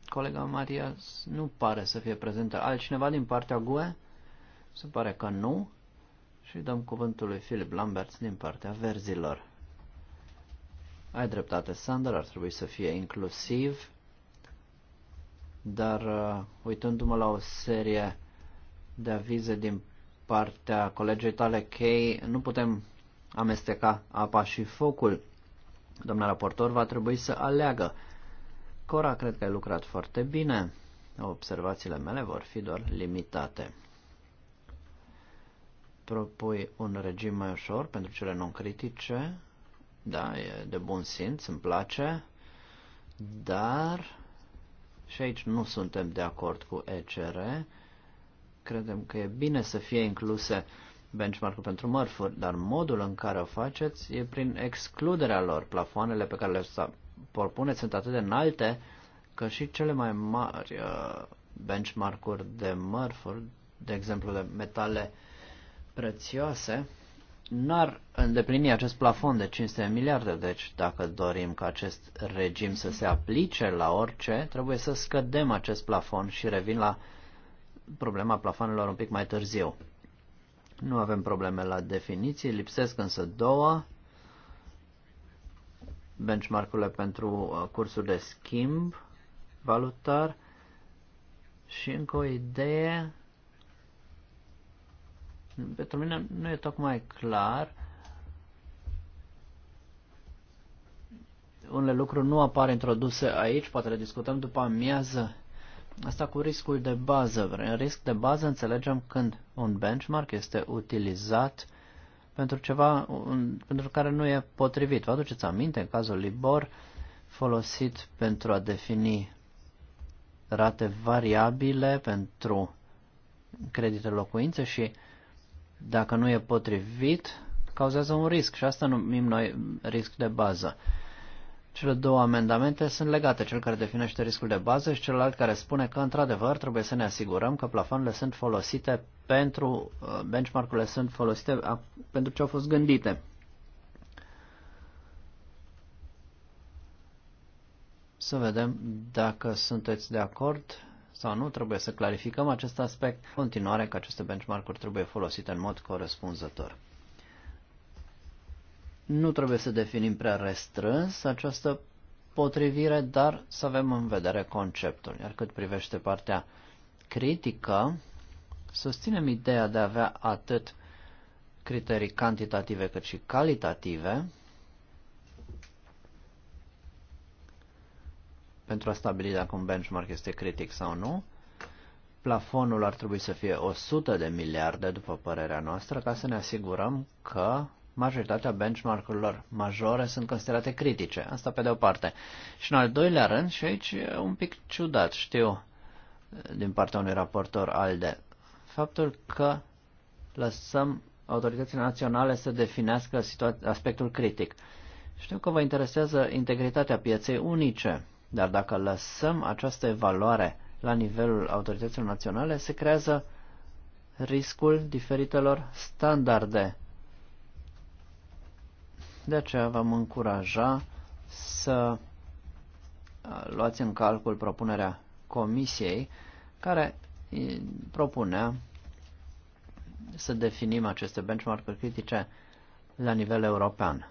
colega Maria nu pare să fie prezentă. Altcineva din partea GUE? Se pare că nu. Și dăm cuvântul lui Philip Lambert din partea verzilor. Ai dreptate, Sander, ar trebui să fie inclusiv dar uh, uitându-mă la o serie de avize din partea colegii tale, Kay, nu putem amesteca apa și focul. domnul raportor va trebui să aleagă. Cora, cred că ai lucrat foarte bine. Observațiile mele vor fi doar limitate. Propui un regim mai ușor pentru cele non-critice. Da, e de bun simț, îmi place. Dar și aici nu suntem de acord cu ECR. Credem că e bine să fie incluse benchmark-ul pentru mărfuri, dar modul în care o faceți e prin excluderea lor. Plafoanele pe care le propuneți sunt atât de înalte că și cele mai mari uh, benchmark-uri de mărfuri, de exemplu de metale prețioase, n-ar îndeplini acest plafon de 500 de miliarde, deci dacă dorim ca acest regim să se aplice la orice, trebuie să scădem acest plafon și revin la problema plafonelor un pic mai târziu. Nu avem probleme la definiții, lipsesc însă două benchmark-urile pentru uh, cursul de schimb valutar și încă o idee pentru mine nu e tocmai clar. Unele lucruri nu apar introduse aici, poate le discutăm după amiază. Asta cu riscul de bază. În risc de bază înțelegem când un benchmark este utilizat pentru ceva un, pentru care nu e potrivit. Vă aduceți aminte în cazul Libor folosit pentru a defini rate variabile pentru credite locuințe și dacă nu e potrivit, cauzează un risc și asta numim noi risc de bază. Cele două amendamente sunt legate, cel care definește riscul de bază și celălalt care spune că, într-adevăr, trebuie să ne asigurăm că plafoanele sunt folosite pentru, uh, benchmark-urile sunt folosite pentru ce au fost gândite. Să vedem dacă sunteți de acord sau nu, trebuie să clarificăm acest aspect. În continuare că aceste benchmark-uri trebuie folosite în mod corespunzător. Nu trebuie să definim prea restrâns această potrivire, dar să avem în vedere conceptul. Iar cât privește partea critică, susținem ideea de a avea atât criterii cantitative cât și calitative, pentru a stabili dacă un benchmark este critic sau nu. Plafonul ar trebui să fie 100 de miliarde, după părerea noastră, ca să ne asigurăm că majoritatea benchmark-urilor majore sunt considerate critice. Asta pe de o parte. Și în al doilea rând, și aici e un pic ciudat, știu, din partea unui raportor ALDE, faptul că lăsăm autoritățile naționale să definească aspectul critic. Știu că vă interesează integritatea pieței unice dar dacă lăsăm această evaluare la nivelul autorităților naționale, se creează riscul diferitelor standarde. De aceea v-am încuraja să luați în calcul propunerea Comisiei, care propunea să definim aceste benchmark-uri critice la nivel european.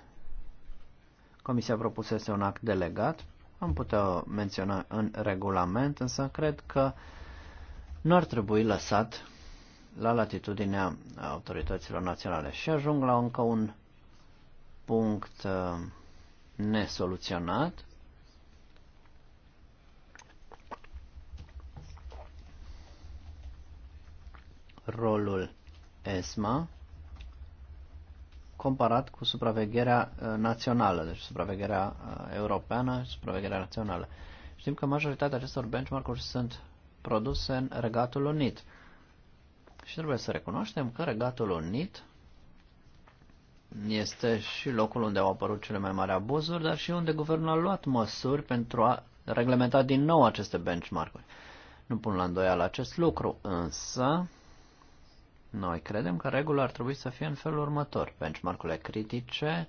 Comisia propusese un act delegat am putea menționa în regulament, însă cred că nu ar trebui lăsat la latitudinea autorităților naționale. Și ajung la încă un punct uh, nesoluționat. Rolul ESMA comparat cu supravegherea uh, națională, deci supravegherea uh, europeană și supravegherea națională. Știm că majoritatea acestor benchmark-uri sunt produse în Regatul Unit. Și trebuie să recunoaștem că Regatul Unit este și locul unde au apărut cele mai mari abuzuri, dar și unde guvernul a luat măsuri pentru a reglementa din nou aceste benchmark-uri. Nu pun la îndoială acest lucru, însă noi credem că regula ar trebui să fie în felul următor. Benchmarkurile critice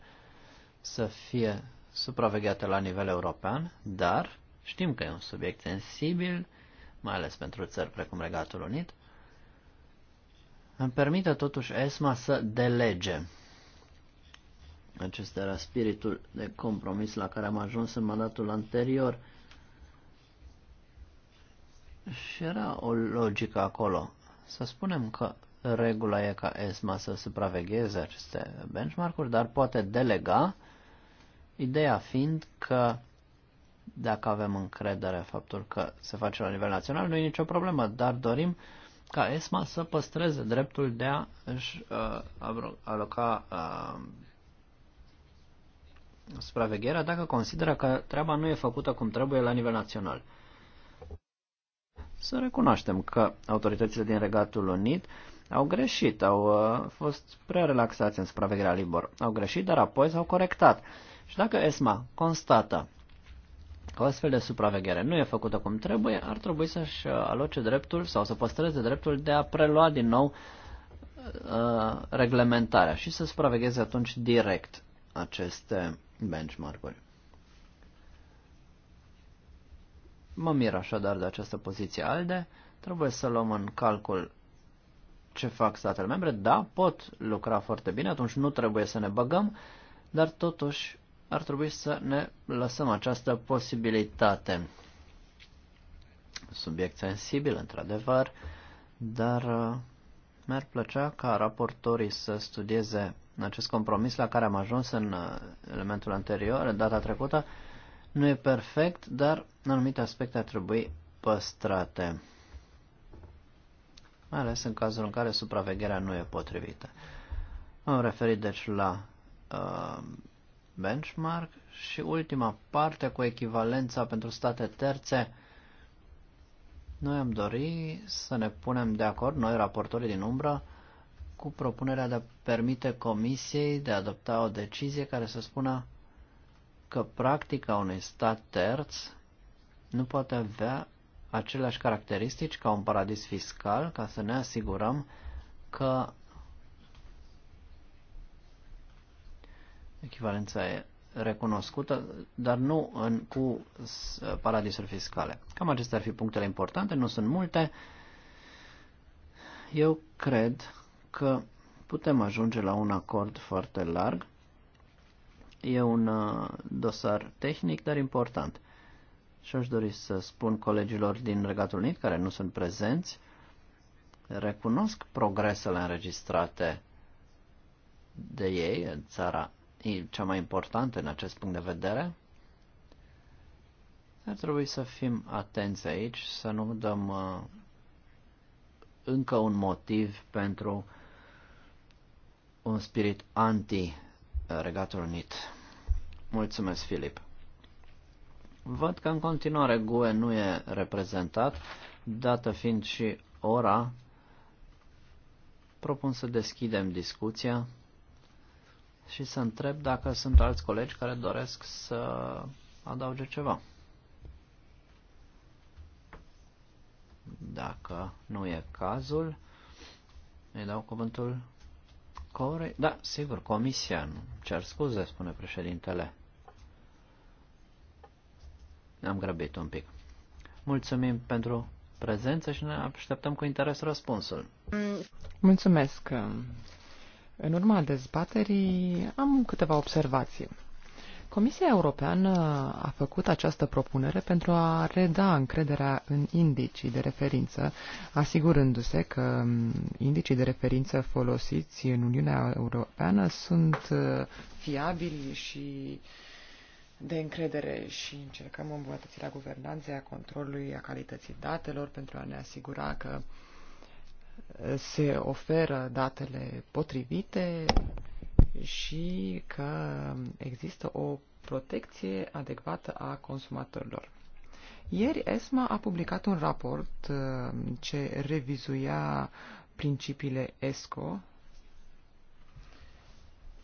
să fie supravegheate la nivel european, dar știm că e un subiect sensibil, mai ales pentru țări precum Regatul Unit. Îmi permite totuși ESMA să delege. Acesta era spiritul de compromis la care am ajuns în mandatul anterior. Și era o logică acolo. Să spunem că Regula e ca ESMA să supravegheze aceste benchmark-uri, dar poate delega, ideea fiind că dacă avem încredere faptul că se face la nivel național, nu e nicio problemă, dar dorim ca ESMA să păstreze dreptul de a își uh, aloca uh, supravegherea dacă consideră că treaba nu e făcută cum trebuie la nivel național. Să recunoaștem că autoritățile din Regatul Unit au greșit, au uh, fost prea relaxați în supravegherea Libor. Au greșit, dar apoi s-au corectat. Și dacă ESMA constată că o astfel de supraveghere nu e făcută cum trebuie, ar trebui să-și uh, aloce dreptul sau să păstreze dreptul de a prelua din nou uh, reglementarea și să supravegheze atunci direct aceste benchmark-uri. Mă mir așadar de această poziție ALDE. Trebuie să luăm în calcul ce fac statele membre, da, pot lucra foarte bine, atunci nu trebuie să ne băgăm, dar totuși ar trebui să ne lăsăm această posibilitate. Subiect sensibil, într-adevăr, dar uh, mi-ar plăcea ca raportorii să studieze acest compromis la care am ajuns în uh, elementul anterior, în data trecută. Nu e perfect, dar în anumite aspecte ar trebui păstrate mai ales în cazul în care supravegherea nu e potrivită. M-am referit deci la uh, benchmark și ultima parte cu echivalența pentru state terțe. Noi am dori să ne punem de acord, noi raportorii din umbră, cu propunerea de a permite comisiei de a adopta o decizie care să spună că practica unui stat terț nu poate avea aceleași caracteristici ca un paradis fiscal ca să ne asigurăm că echivalența e recunoscută, dar nu în, cu uh, paradisuri fiscale. Cam acestea ar fi punctele importante, nu sunt multe. Eu cred că putem ajunge la un acord foarte larg. E un uh, dosar tehnic, dar important. Și aș dori să spun colegilor din Regatul Unit care nu sunt prezenți, recunosc progresele înregistrate de ei în țara cea mai importantă în acest punct de vedere. Ar trebui să fim atenți aici, să nu dăm uh, încă un motiv pentru un spirit anti-Regatul Unit. Mulțumesc, Filip! Văd că în continuare GUE nu e reprezentat, dată fiind și ora. Propun să deschidem discuția și să întreb dacă sunt alți colegi care doresc să adauge ceva. Dacă nu e cazul, îi dau cuvântul Corei. Da, sigur, comisia, nu cer scuze, spune președintele. Am grăbit un pic. Mulțumim pentru prezență și ne așteptăm cu interes răspunsul. Mulțumesc. În urma dezbaterii am câteva observații. Comisia Europeană a făcut această propunere pentru a reda încrederea în indicii de referință, asigurându-se că indicii de referință folosiți în Uniunea Europeană sunt fiabili și uh, de încredere și încercăm îmbunătățirea guvernanței, a controlului, a calității datelor pentru a ne asigura că uh, se oferă datele potrivite și că există o protecție adecvată a consumatorilor. Ieri ESMA a publicat un raport uh, ce revizuia principiile ESCO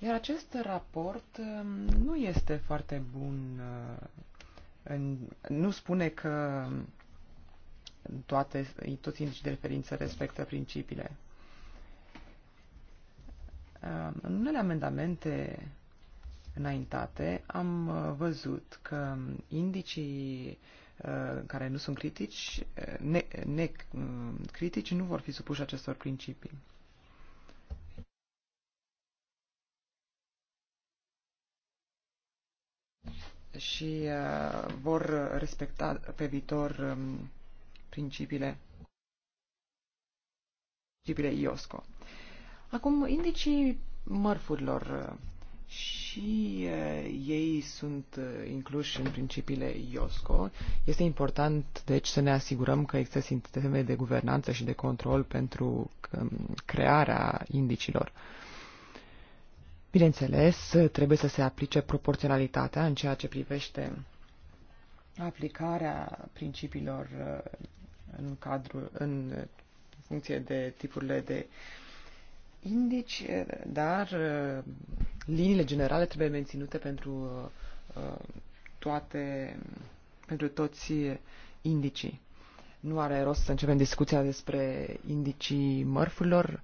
iar acest raport um, nu este foarte bun, uh, nu spune că toate, toți indicii de referință respectă principiile. Um, în unele amendamente înaintate am uh, văzut că indicii uh, care nu sunt critici, necritici, ne, ne um, critici, nu vor fi supuși acestor principii. și uh, vor respecta pe viitor um, principiile, principiile IOSCO. Acum, indicii mărfurilor uh, și uh, ei sunt incluși în principiile IOSCO. Este important, deci, să ne asigurăm că există sisteme de guvernanță și de control pentru um, crearea indicilor. Bineînțeles, trebuie să se aplice proporționalitatea în ceea ce privește aplicarea principiilor uh, în, cadrul, în funcție de tipurile de indici, uh, dar uh, liniile generale trebuie menținute pentru toate, pentru toți indicii. Nu are rost să începem discuția despre indicii mărfurilor,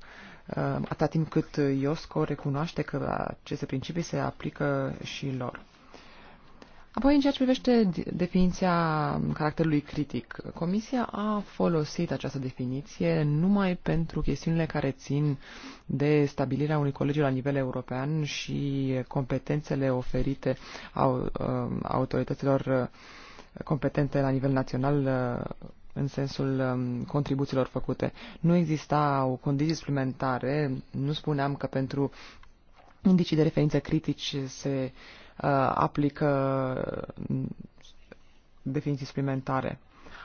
Uh, atâta timp cât IOSCO recunoaște că aceste principii se aplică și lor. Apoi, în ceea ce privește definiția caracterului critic, Comisia a folosit această definiție numai pentru chestiunile care țin de stabilirea unui colegiu la nivel european și competențele oferite uh, autorităților uh, competente la nivel național în sensul um, contribuțiilor făcute. Nu o condiție suplimentare, nu spuneam că pentru indicii de referință critici se uh, aplică um, definiții suplimentare.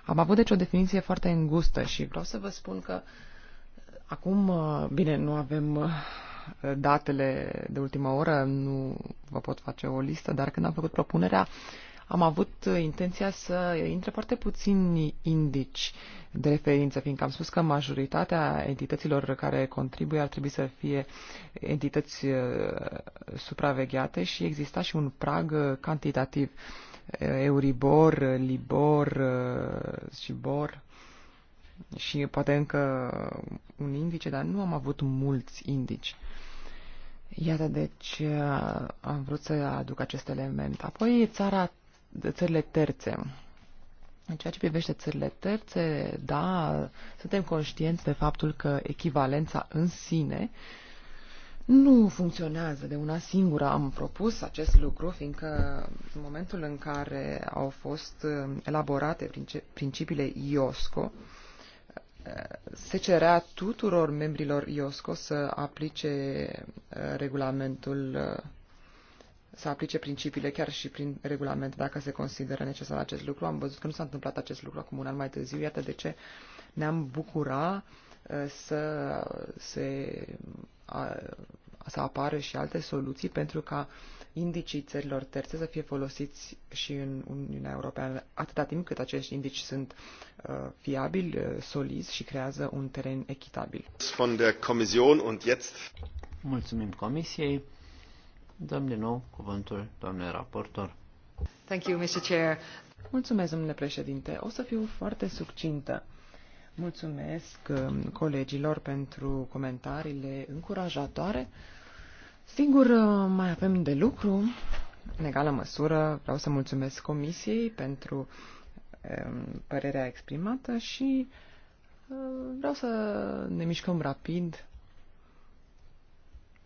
Am avut deci o definiție foarte îngustă și vreau să vă spun că uh, acum, uh, bine, nu avem uh, datele de ultima oră, nu vă pot face o listă, dar când am făcut propunerea, am avut uh, intenția să intre foarte puțini indici de referință, fiindcă am spus că majoritatea entităților care contribuie ar trebui să fie entități uh, supravegheate și exista și un prag uh, cantitativ. Euribor, Libor, Sibor și poate încă un indice, dar nu am avut mulți indici. Iată, deci am vrut să aduc acest element. Apoi, țara de țările terțe. În ceea ce privește țările terțe, da, suntem conștienți de faptul că echivalența în sine nu funcționează de una singură. Am propus acest lucru, fiindcă în momentul în care au fost elaborate principiile IOSCO, se cerea tuturor membrilor IOSCO să aplice uh, regulamentul uh, să aplice principiile chiar și prin regulament, dacă se consideră necesar acest lucru. Am văzut că nu s-a întâmplat acest lucru acum un an mai târziu, iată de ce ne-am bucura uh, să se a, să apară și alte soluții pentru ca indicii țărilor terțe să fie folosiți și în Uniunea Europeană, atâta timp cât acești indici sunt uh, fiabili, uh, solizi și creează un teren echitabil. Mulțumim Comisiei. Dăm din nou cuvântul doamnei raportor. Thank you, Mr. Chair. Mulțumesc, domnule președinte. O să fiu foarte succintă. Mulțumesc um, colegilor pentru comentariile încurajatoare. Sigur, uh, mai avem de lucru. În egală măsură, vreau să mulțumesc Comisiei pentru um, părerea exprimată și uh, vreau să ne mișcăm rapid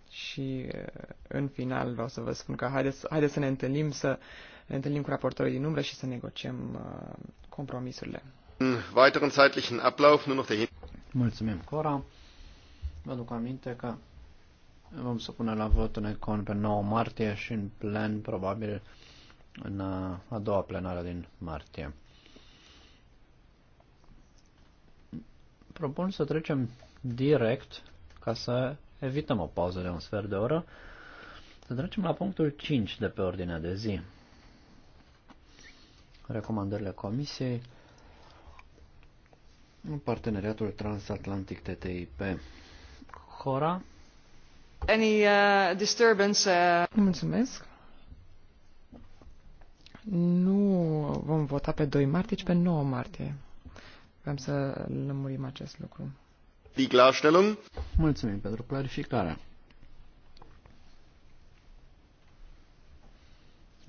și uh, în final vreau să vă spun că haideți, haideți să ne întâlnim, să ne întâlnim cu raportorii din umbră și să negociem uh, compromisurile. zeitlichen Ablauf nur noch der Mulțumim, Cora. Vă duc aminte că vom să pune la vot în Econ pe 9 martie și în plen probabil în uh, a doua plenară din martie. Propun să trecem direct ca să evităm o pauză de un sfert de oră, să trecem la punctul 5 de pe ordinea de zi. Recomandările Comisiei în parteneriatul transatlantic TTIP. Hora. Any uh, disturbance? Uh... Mulțumesc. Nu vom vota pe 2 martie, ci pe 9 martie. Vrem să lămurim acest lucru. Die Klarstellung. Mulțumim pentru clarificare.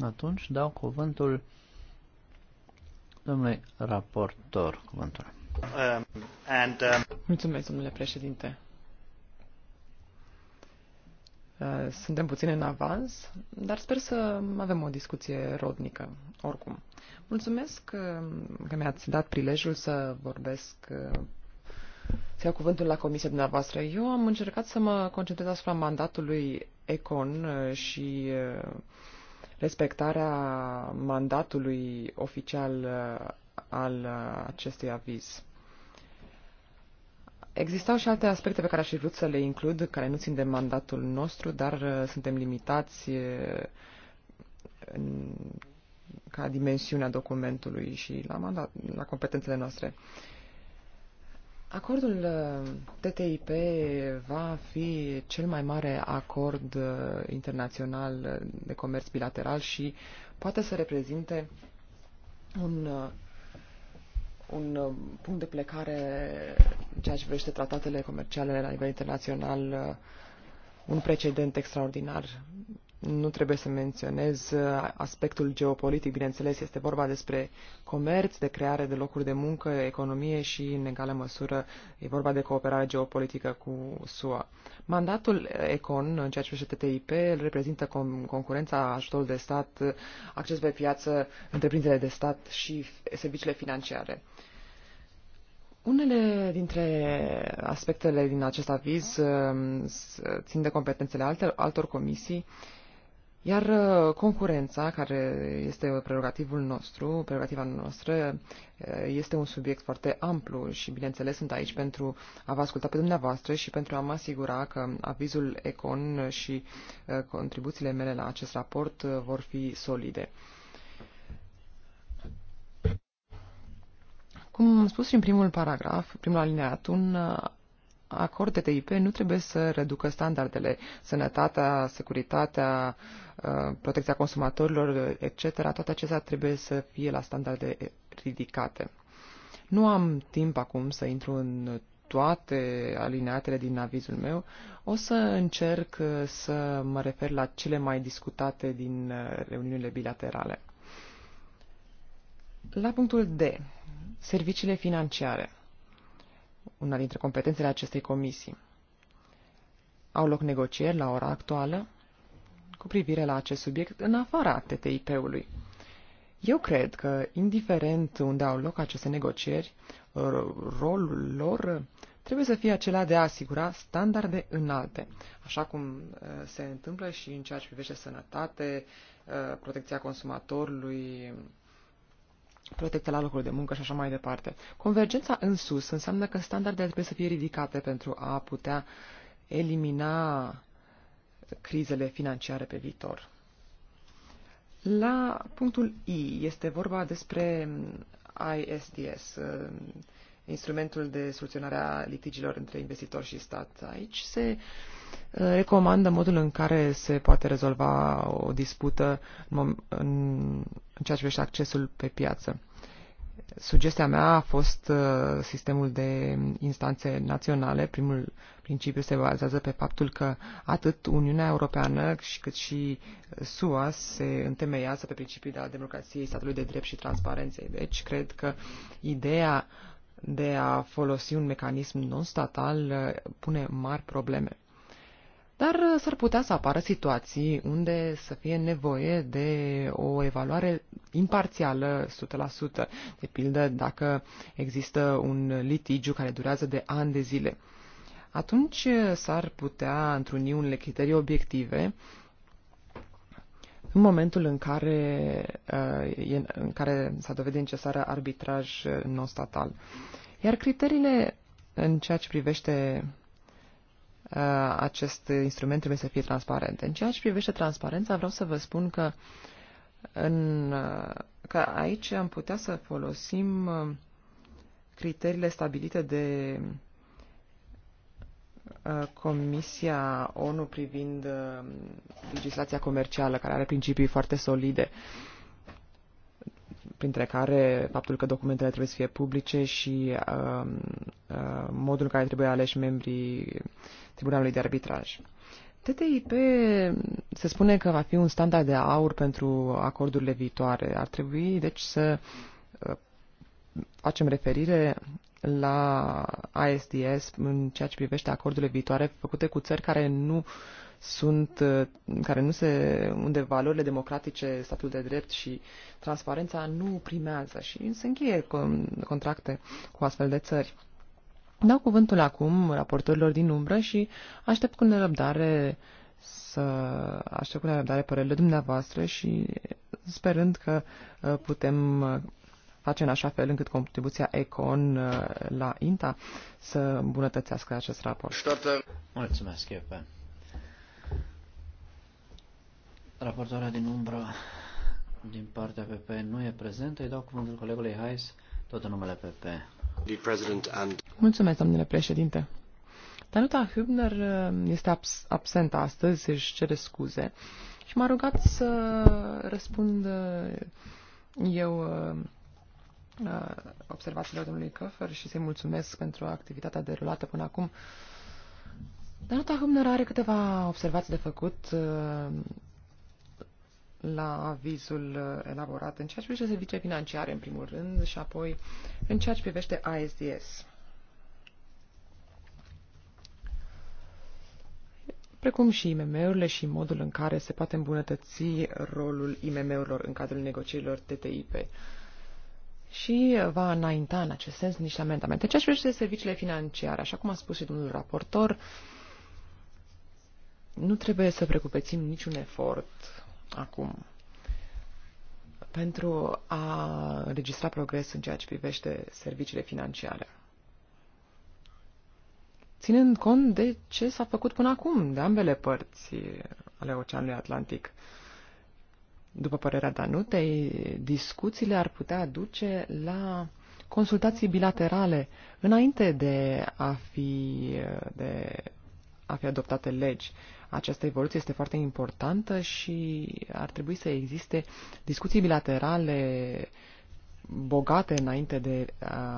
Atunci dau cuvântul domnului raportor. Cuvântul. Um, and, um... Mulțumesc, domnule președinte. Uh, suntem puțin în avans, dar sper să avem o discuție rodnică, oricum. Mulțumesc uh, că mi-ați dat prilejul să vorbesc uh, să iau cuvântul la comisia dumneavoastră. Eu am încercat să mă concentrez asupra mandatului ECON uh, și uh, respectarea mandatului oficial uh, al acestui aviz. Existau și alte aspecte pe care aș fi vrut să le includ, care nu țin de mandatul nostru, dar suntem limitați în, ca dimensiunea documentului și la, mandat, la competențele noastre. Uh, Acordul uh, TTIP va fi cel mai mare acord uh, internațional uh, de comerț bilateral și poate să reprezinte un, un punct de plecare în ceea ce privește tratatele comerciale la nivel internațional, un precedent extraordinar. Nu trebuie să menționez uh, aspectul geopolitic, bineînțeles, este vorba despre comerț, de creare de locuri de muncă, economie și, în egală măsură, e vorba de cooperare geopolitică cu SUA. Mandatul ECON, în ceea ce privește TTIP, îl reprezintă concurența, ajutorul de stat, acces pe piață, întreprinderile de stat și serviciile financiare. Unele dintre aspectele din acest aviz uh, țin de competențele altor, altor comisii iar uh, concurența, care este prerogativul nostru, prerogativa noastră, uh, este un subiect foarte amplu și, bineînțeles, sunt aici pentru a vă asculta pe dumneavoastră și pentru a mă asigura că avizul ECON și uh, contribuțiile mele la acest raport vor fi solide. Cum am spus și în primul paragraf, primul alineat, un acord de TIP nu trebuie să reducă standardele, sănătatea, securitatea, uh, protecția consumatorilor, etc. Toate acestea trebuie să fie la standarde ridicate. Nu am timp acum să intru în toate alineatele din avizul meu, o să încerc uh, să mă refer la cele mai discutate din uh, reuniunile bilaterale. La punctul D, serviciile financiare una dintre competențele acestei comisii. Au loc negocieri la ora actuală cu privire la acest subiect în afara TTIP-ului. Eu cred că, indiferent unde au loc aceste negocieri, rolul lor trebuie să fie acela de a asigura standarde înalte, așa cum uh, se întâmplă și în ceea ce privește sănătate, uh, protecția consumatorului, protecția la locul de muncă și așa mai departe. Convergența în sus înseamnă că standardele trebuie să fie ridicate pentru a putea elimina crizele financiare pe viitor. La punctul I este vorba despre ISDS, instrumentul de soluționare a litigilor între investitor și stat. Aici se uh, recomandă modul în care se poate rezolva o dispută în, în ceea ce privește accesul pe piață. Sugestia mea a fost uh, sistemul de instanțe naționale. Primul principiu se bazează pe faptul că atât Uniunea Europeană cât și SUA se întemeiază pe principiile de democrației, statului de drept și transparenței. Deci, cred că ideea de a folosi un mecanism non-statal uh, pune mari probleme. Dar uh, s-ar putea să apară situații unde să fie nevoie de o evaluare imparțială 100%, de pildă dacă există un litigiu care durează de ani de zile. Atunci uh, s-ar putea întruni unele criterii obiective în momentul în care, uh, în care s-a dovedit necesară arbitraj uh, non-statal. Iar criteriile în ceea ce privește uh, acest instrument trebuie să fie transparente. În ceea ce privește transparența, vreau să vă spun că, în, că aici am putea să folosim criteriile stabilite de Uh, Comisia ONU privind uh, legislația comercială, care are principii foarte solide, printre care faptul că documentele trebuie să fie publice și uh, uh, modul în care trebuie aleși membrii Tribunalului de Arbitraj. TTIP se spune că va fi un standard de aur pentru acordurile viitoare. Ar trebui, deci, să uh, facem referire la ASDS în ceea ce privește acordurile viitoare făcute cu țări care nu sunt, uh, care nu se, unde valorile democratice, statul de drept și transparența nu primează și se încheie contracte cu astfel de țări. Dau cuvântul acum raportorilor din umbră și aștept cu nerăbdare să aștept cu nerăbdare părerile dumneavoastră și sperând că uh, putem uh, face în așa fel încât contribuția ECON uh, la INTA să îmbunătățească acest raport. Mulțumesc, Iepe. Raportoarea din umbră din partea PP nu e prezentă. Îi dau cuvântul colegului Hais, tot în numele PP. Mulțumesc, domnule președinte. Danuta Hübner uh, este abs- absentă astăzi, își cere scuze și m-a rugat să răspund uh, eu Uh, observațiilor domnului Căfăr și să-i mulțumesc pentru activitatea derulată până acum. Danuta Hâmner are câteva observații de făcut uh, la avizul uh, elaborat în ceea ce privește servicii financiare, în primul rând, și apoi în ceea ce privește ASDS. precum și IMM-urile și modul în care se poate îmbunătăți rolul IMM-urilor în cadrul negocierilor TTIP și uh, va înainta în acest sens niște amendamente. aș ce privește serviciile financiare, așa cum a spus și domnul raportor, nu trebuie să precupețim niciun efort acum pentru a registra progres în ceea ce privește serviciile financiare. Ținând cont de ce s-a făcut până acum de ambele părți ale Oceanului Atlantic, după părerea Danutei, discuțiile ar putea duce la consultații bilaterale înainte de a fi, de a fi adoptate legi. Această evoluție este foarte importantă și ar trebui să existe discuții bilaterale bogate înainte de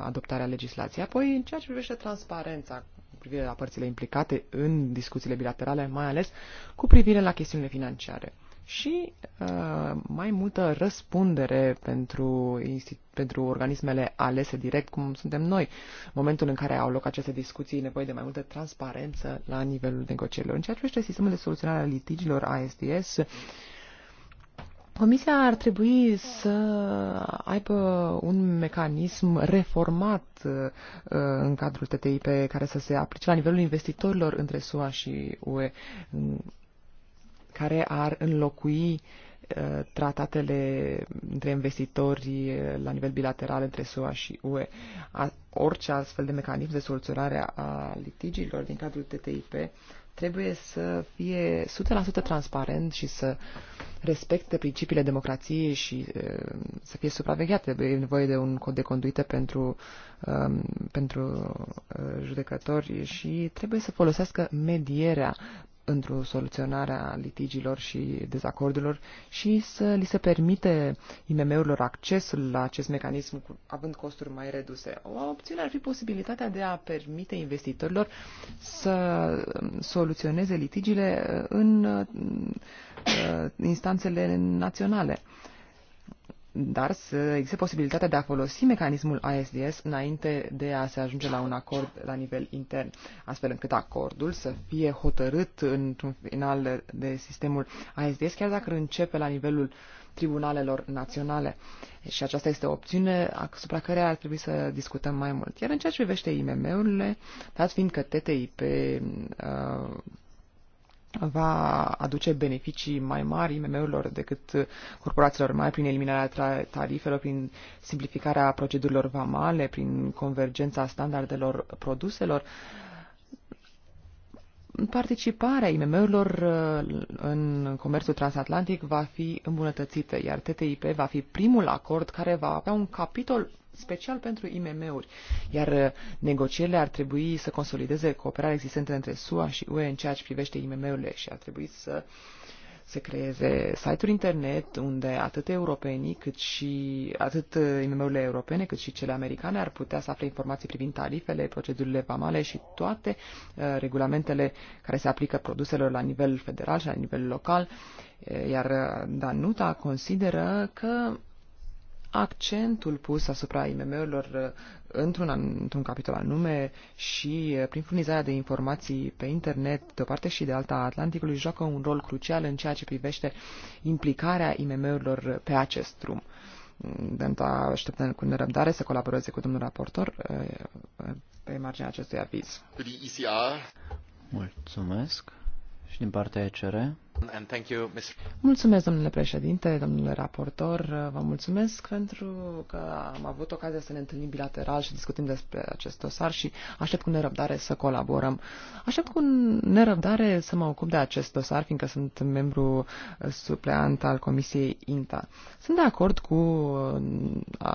adoptarea legislației. Apoi, în ceea ce privește transparența cu privire la părțile implicate în discuțiile bilaterale, mai ales cu privire la chestiunile financiare și uh, mai multă răspundere pentru, pentru organismele alese direct, cum suntem noi. În momentul în care au loc aceste discuții, nevoie de mai multă transparență la nivelul negocierilor. În ceea ce privește sistemul de soluționare a litigilor ASDS, Comisia ar trebui să aibă un mecanism reformat uh, în cadrul TTIP care să se aplice la nivelul investitorilor între SUA și UE care ar înlocui uh, tratatele între investitori uh, la nivel bilateral între SUA și UE. A, orice astfel de mecanism de soluționare a litigiilor din cadrul TTIP trebuie să fie 100% transparent și să respecte principiile democrației și uh, să fie supravegheate. E nevoie de un cod de conduită pentru, um, pentru judecători și trebuie să folosească medierea într-o soluționare a litigilor și dezacordurilor și să li se permite IMM-urilor accesul la acest mecanism cu, având costuri mai reduse. O opțiune ar fi posibilitatea de a permite investitorilor să um, soluționeze litigiile uh, în uh, uh, instanțele naționale dar să existe posibilitatea de a folosi mecanismul ASDS înainte de a se ajunge la un acord la nivel intern, astfel încât acordul să fie hotărât într-un final de sistemul ASDS, chiar dacă începe la nivelul tribunalelor naționale. Și aceasta este o opțiune asupra care ar trebui să discutăm mai mult. Iar în ceea ce privește IMM-urile, dat fiind că TTIP uh, va aduce beneficii mai mari IMM-urilor decât corporațiilor mari prin eliminarea tarifelor, prin simplificarea procedurilor vamale, prin convergența standardelor produselor, participarea IMM-urilor uh, în comerțul transatlantic va fi îmbunătățită, iar TTIP va fi primul acord care va avea un capitol special pentru IMM-uri, iar uh, negocierile ar trebui să consolideze cooperarea existentă între SUA și UE în ceea ce privește IMM-urile și ar trebui să se creeze site-uri internet unde atât europenii cât și atât uh, IMM-urile europene cât și cele americane ar putea să afle informații privind tarifele, procedurile vamale și toate uh, regulamentele care se aplică produselor la nivel federal și la nivel local. Iar uh, Danuta consideră că accentul pus asupra IMM-urilor uh, într-un, într-un capitol anume și uh, prin furnizarea de informații pe internet, de o parte și de alta Atlanticului, joacă un rol crucial în ceea ce privește implicarea IMM-urilor pe acest drum. Denta așteptăm cu nerăbdare să colaboreze cu domnul raportor uh, pe marginea acestui aviz. Mulțumesc și din partea ECR. And thank you, Mr. Mulțumesc, domnule președinte, domnule raportor. Vă mulțumesc pentru că am avut ocazia să ne întâlnim bilateral și discutăm despre acest dosar și aștept cu nerăbdare să colaborăm. Aștept cu nerăbdare să mă ocup de acest dosar, fiindcă sunt membru supleant al Comisiei INTA. Sunt de acord cu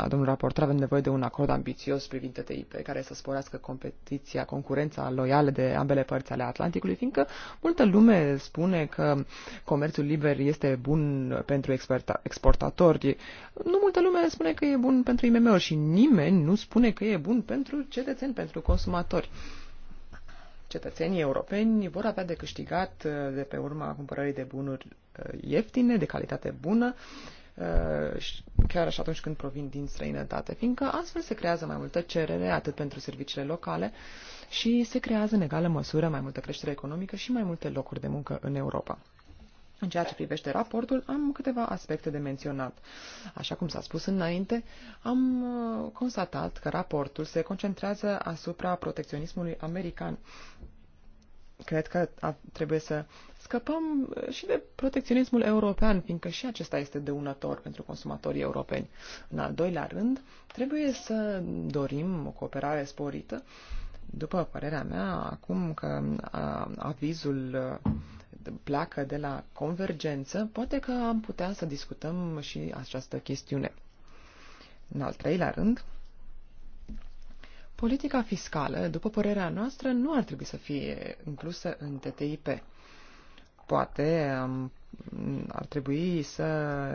domnul raportor, avem nevoie de un acord ambițios privind TTIP, care să sporească competiția, concurența loială de ambele părți ale Atlanticului, fiindcă multă lume spune că comerțul liber este este bun pentru exportatori. Nu multă lume spune că e bun pentru IMM-uri și nimeni nu spune că e bun pentru cetățeni, pentru consumatori. Cetățenii europeni vor avea de câștigat uh, de pe urma cumpărării de bunuri uh, ieftine, de calitate bună, uh, chiar și atunci când provin din străinătate, fiindcă astfel se creează mai multă cerere, atât pentru serviciile locale, și se creează în egală măsură mai multă creștere economică și mai multe locuri de muncă în Europa. În ceea ce privește raportul, am câteva aspecte de menționat. Așa cum s-a spus înainte, am uh, constatat că raportul se concentrează asupra protecționismului american. Cred că trebuie să scăpăm uh, și de protecționismul european, fiindcă și acesta este dăunător pentru consumatorii europeni. În al doilea rând, trebuie să dorim o cooperare sporită. După părerea mea, acum că uh, avizul pleacă de la convergență, poate că am putea să discutăm și această chestiune. În al treilea rând, politica fiscală, după părerea noastră, nu ar trebui să fie inclusă în TTIP. Poate ar trebui să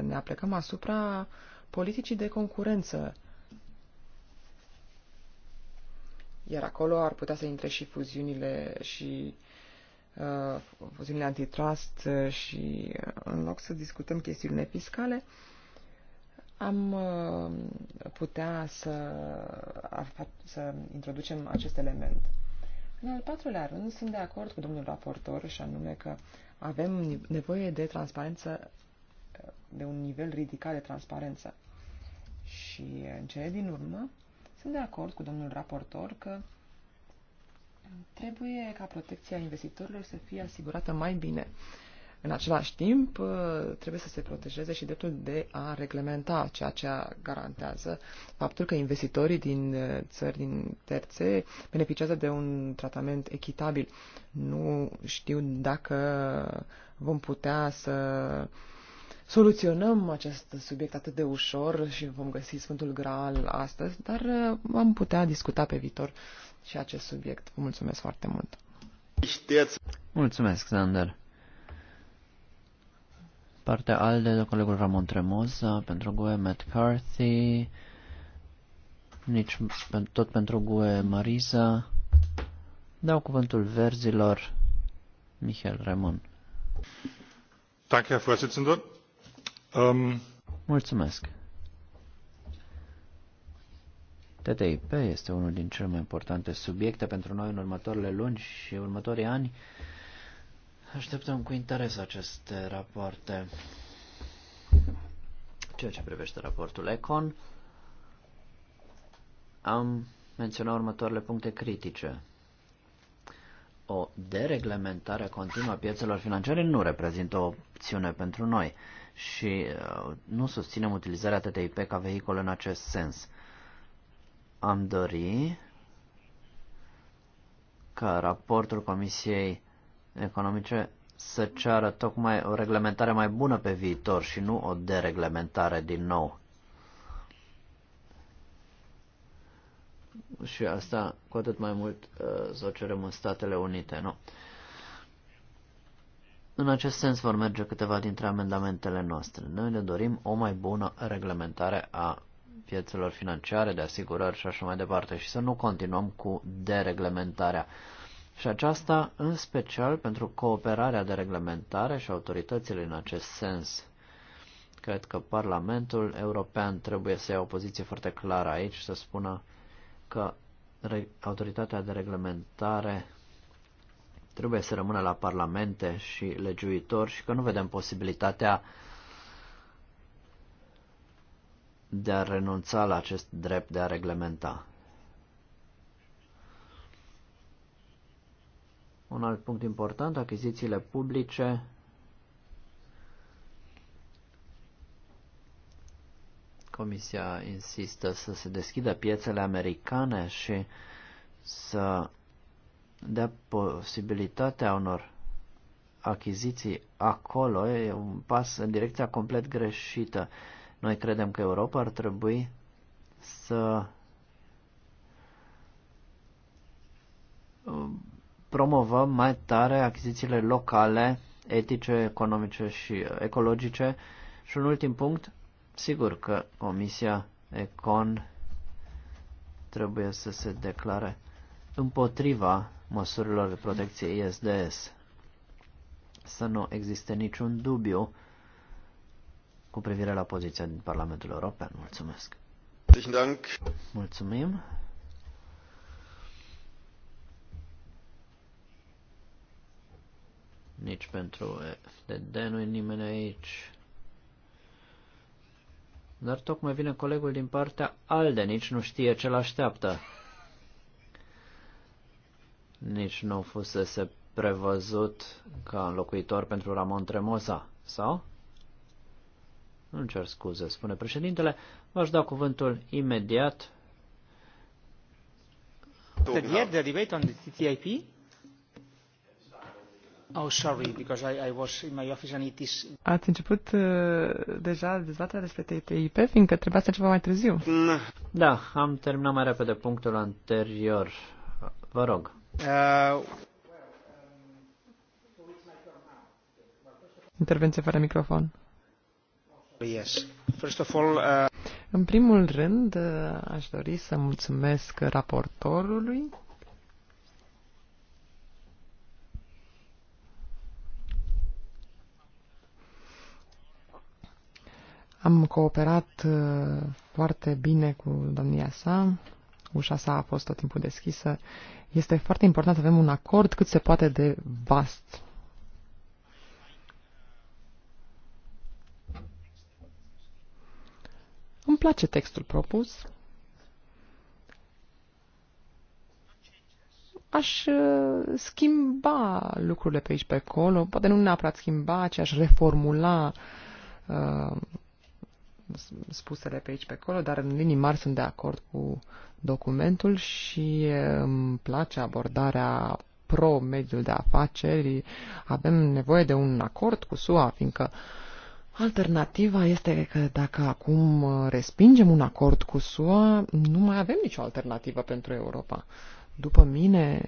ne aplecăm asupra politicii de concurență. Iar acolo ar putea să intre și fuziunile și uh, Uh, fuziunile antitrust uh, și uh, în loc să discutăm chestiunile fiscale, am putea să, să introducem acest element. În al patrulea rând, sunt de acord cu domnul raportor și anume că avem nevoie de transparență, de un nivel ridicat de transparență. Și în cele din urmă, sunt de acord cu domnul raportor că Trebuie ca protecția investitorilor să fie asigurată mai bine. În același timp, uh, trebuie să se protejeze și dreptul de a reglementa, ceea ce garantează faptul că investitorii din uh, țări din terțe beneficiază de un tratament echitabil. Nu știu dacă vom putea să soluționăm acest subiect atât de ușor și vom găsi Sfântul Graal astăzi, dar uh, am putea discuta pe viitor și acest subiect. Vă mulțumesc foarte mult! Mulțumesc, Xander. Partea ALDE de colegul Ramon Tremoza pentru GUE Matt Carthy, nici, tot pentru GUE Marisa. Dau cuvântul verzilor Michael Ramon. Danke, Herr Vorsitzender. Um... Mulțumesc. TTIP este unul din cele mai importante subiecte pentru noi în următoarele luni și următorii ani. Așteptăm cu interes aceste rapoarte. Ceea ce privește raportul Econ, am menționat următoarele puncte critice. O dereglementare continuă a piețelor financiare nu reprezintă o opțiune pentru noi și uh, nu susținem utilizarea TTIP ca vehicul în acest sens am dori ca raportul Comisiei Economice să ceară tocmai o reglementare mai bună pe viitor și nu o dereglementare din nou. Și asta cu atât mai mult uh, să o cerem în Statele Unite, nu? În acest sens vor merge câteva dintre amendamentele noastre. Noi ne dorim o mai bună reglementare a piețelor financiare, de asigurări și așa mai departe și să nu continuăm cu dereglementarea. Și aceasta în special pentru cooperarea de reglementare și autoritățile în acest sens. Cred că Parlamentul European trebuie să ia o poziție foarte clară aici, să spună că autoritatea de reglementare trebuie să rămână la parlamente și legiuitori și că nu vedem posibilitatea uh, de a renunța la acest drept de a reglementa. Un alt punct important, achizițiile publice. Comisia insistă să se deschidă piețele americane și să dea posibilitatea unor achiziții acolo. E un pas în direcția complet greșită. Noi credem că Europa ar trebui să uh, promovăm mai tare achizițiile locale, etice, economice și uh, ecologice. Și un ultim punct, sigur că Comisia Econ trebuie să se declare împotriva măsurilor de protecție ISDS. Să nu existe niciun dubiu cu privire la poziția din Parlamentul European. Mulțumesc! Mulțumim! Nici pentru FDD nu e nimeni aici. Dar tocmai vine colegul din partea ALDE, nici nu știe ce-l așteaptă. Nici nu fusese prevăzut ca locuitor pentru Ramon Tremosa, sau? Nu cer scuze, spune președintele. V-aș da cuvântul imediat. Did you the debate on the TTIP? Oh, sorry, because I, I was in my office and it is... Ați început uh, deja dezbaterea despre TTIP, fiindcă trebuia să ceva mai târziu. Da, am terminat mai repede punctul anterior. Vă rog. Uh... Intervenție fără microfon. Yes. First of all, uh... În primul rând, uh, aș dori să mulțumesc raportorului. Am cooperat uh, foarte bine cu domnia sa, ușa sa a fost tot timpul deschisă. Este foarte important să avem un acord cât se poate de vast place textul propus. Aș uh, schimba lucrurile pe aici, pe acolo, poate nu neapărat schimba, ci aș reformula uh, spusele pe aici, pe acolo, dar în linii mari sunt de acord cu documentul și uh, îmi place abordarea pro-mediul de afaceri. Avem nevoie de un acord cu SUA, fiindcă uh, Alternativa este că dacă acum uh, respingem un acord cu SUA, nu mai avem nicio alternativă pentru Europa. După mine,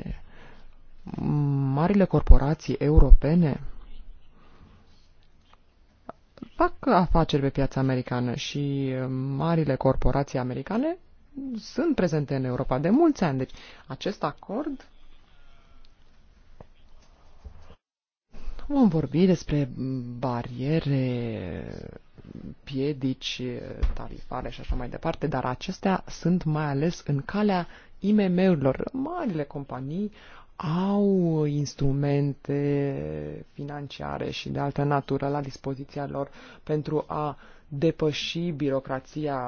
marile corporații europene fac afaceri pe piața americană și uh, marile corporații americane sunt prezente în Europa de mulți ani. Deci acest acord Vom vorbi despre bariere, piedici, tarifare și așa mai departe, dar acestea sunt mai ales în calea IMM-urilor. Marile companii au instrumente financiare și de altă natură la dispoziția lor pentru a depăși birocrația,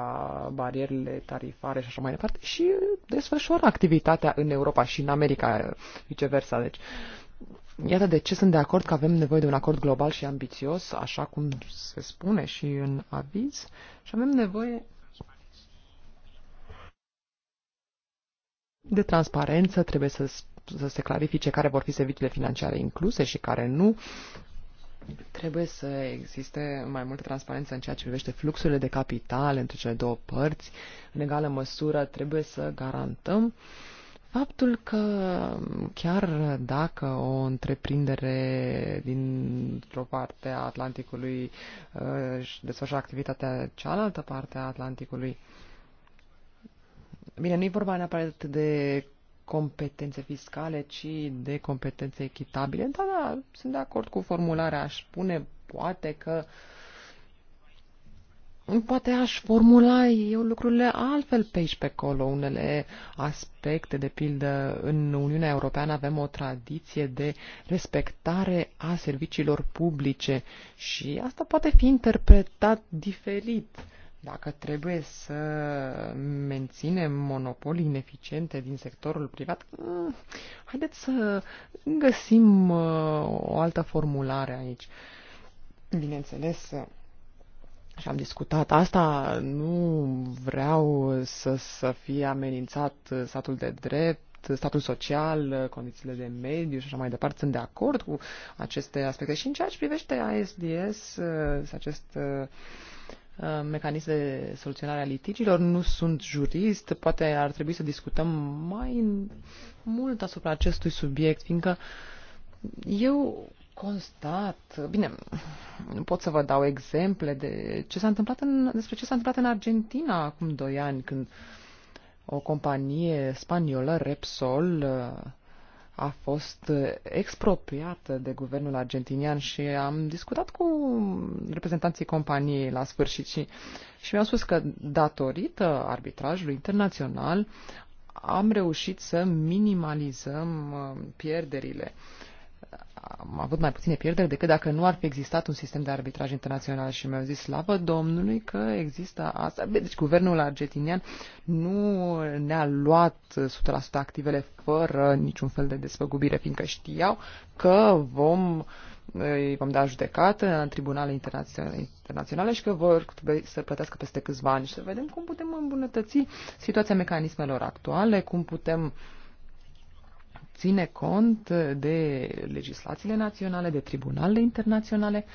barierele tarifare și așa mai departe și desfășoară activitatea în Europa și în America, viceversa. Deci, uh, Iată de ce sunt de acord că avem nevoie de un acord global și ambițios, așa cum se spune și în aviz, și avem nevoie de transparență, trebuie să, să se clarifice care vor fi serviciile financiare incluse și care nu. Trebuie să existe mai multă transparență în ceea ce privește fluxurile de capital între cele două părți. În egală măsură trebuie să garantăm uh, Faptul că chiar dacă o întreprindere dintr-o parte a Atlanticului uh, își desfășoară activitatea cealaltă parte a Atlanticului, bine, nu i vorba neapărat de competențe fiscale, ci de competențe echitabile. dar da, sunt de acord cu formularea. Aș spune poate că uh, Poate aș formula eu lucrurile altfel pe aici, pe acolo, unele aspecte, de pildă, în Uniunea Europeană avem o tradiție de respectare a serviciilor publice și asta poate fi interpretat diferit. Dacă trebuie să menținem monopolii ineficiente din sectorul privat, mm, haideți să găsim uh, o altă formulare aici. Bineînțeles, și am discutat asta, nu vreau să, să fie amenințat statul de drept, statul social, condițiile de mediu și așa mai departe. Sunt de acord cu aceste aspecte. Și în ceea ce privește ASDS, acest uh, mecanism de soluționare a litigilor, nu sunt jurist, poate ar trebui să discutăm mai mult asupra acestui subiect, fiindcă eu constat, bine, nu pot să vă dau exemple de ce s-a întâmplat în, despre ce s-a întâmplat în Argentina acum doi ani, când o companie spaniolă, Repsol, a fost expropriată de guvernul argentinian și am discutat cu reprezentanții companiei la sfârșit și, și mi-au spus că datorită arbitrajului internațional am reușit să minimalizăm uh, pierderile am avut mai puține pierderi decât dacă nu ar fi existat un sistem de arbitraj internațional și mi-au zis slavă Domnului că există asta. Deci guvernul argentinian nu ne-a luat 100% activele fără niciun fel de desfăgubire, fiindcă știau că vom îi vom da judecată în tribunale internaționale și că vor să plătească peste câțiva ani și să vedem cum putem îmbunătăți situația mecanismelor actuale, cum putem uh, ține cont de legislațiile naționale, de tribunalele internaționale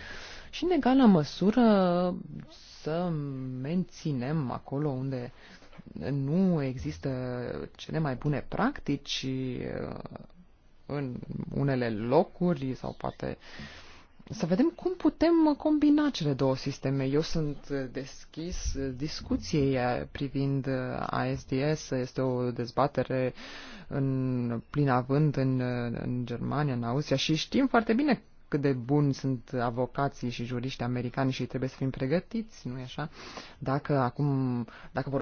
și, în egală măsură, să menținem acolo unde nu există cele mai bune practici în unele locuri sau poate uh, să vedem cum putem combina cele două sisteme. Eu sunt deschis discuției privind ASDS. Este o dezbatere în plin avânt în, în Germania, în Austria și știm foarte bine cât de buni sunt avocații și juriști americani și trebuie să fim pregătiți, nu-i așa? Dacă acum, dacă vor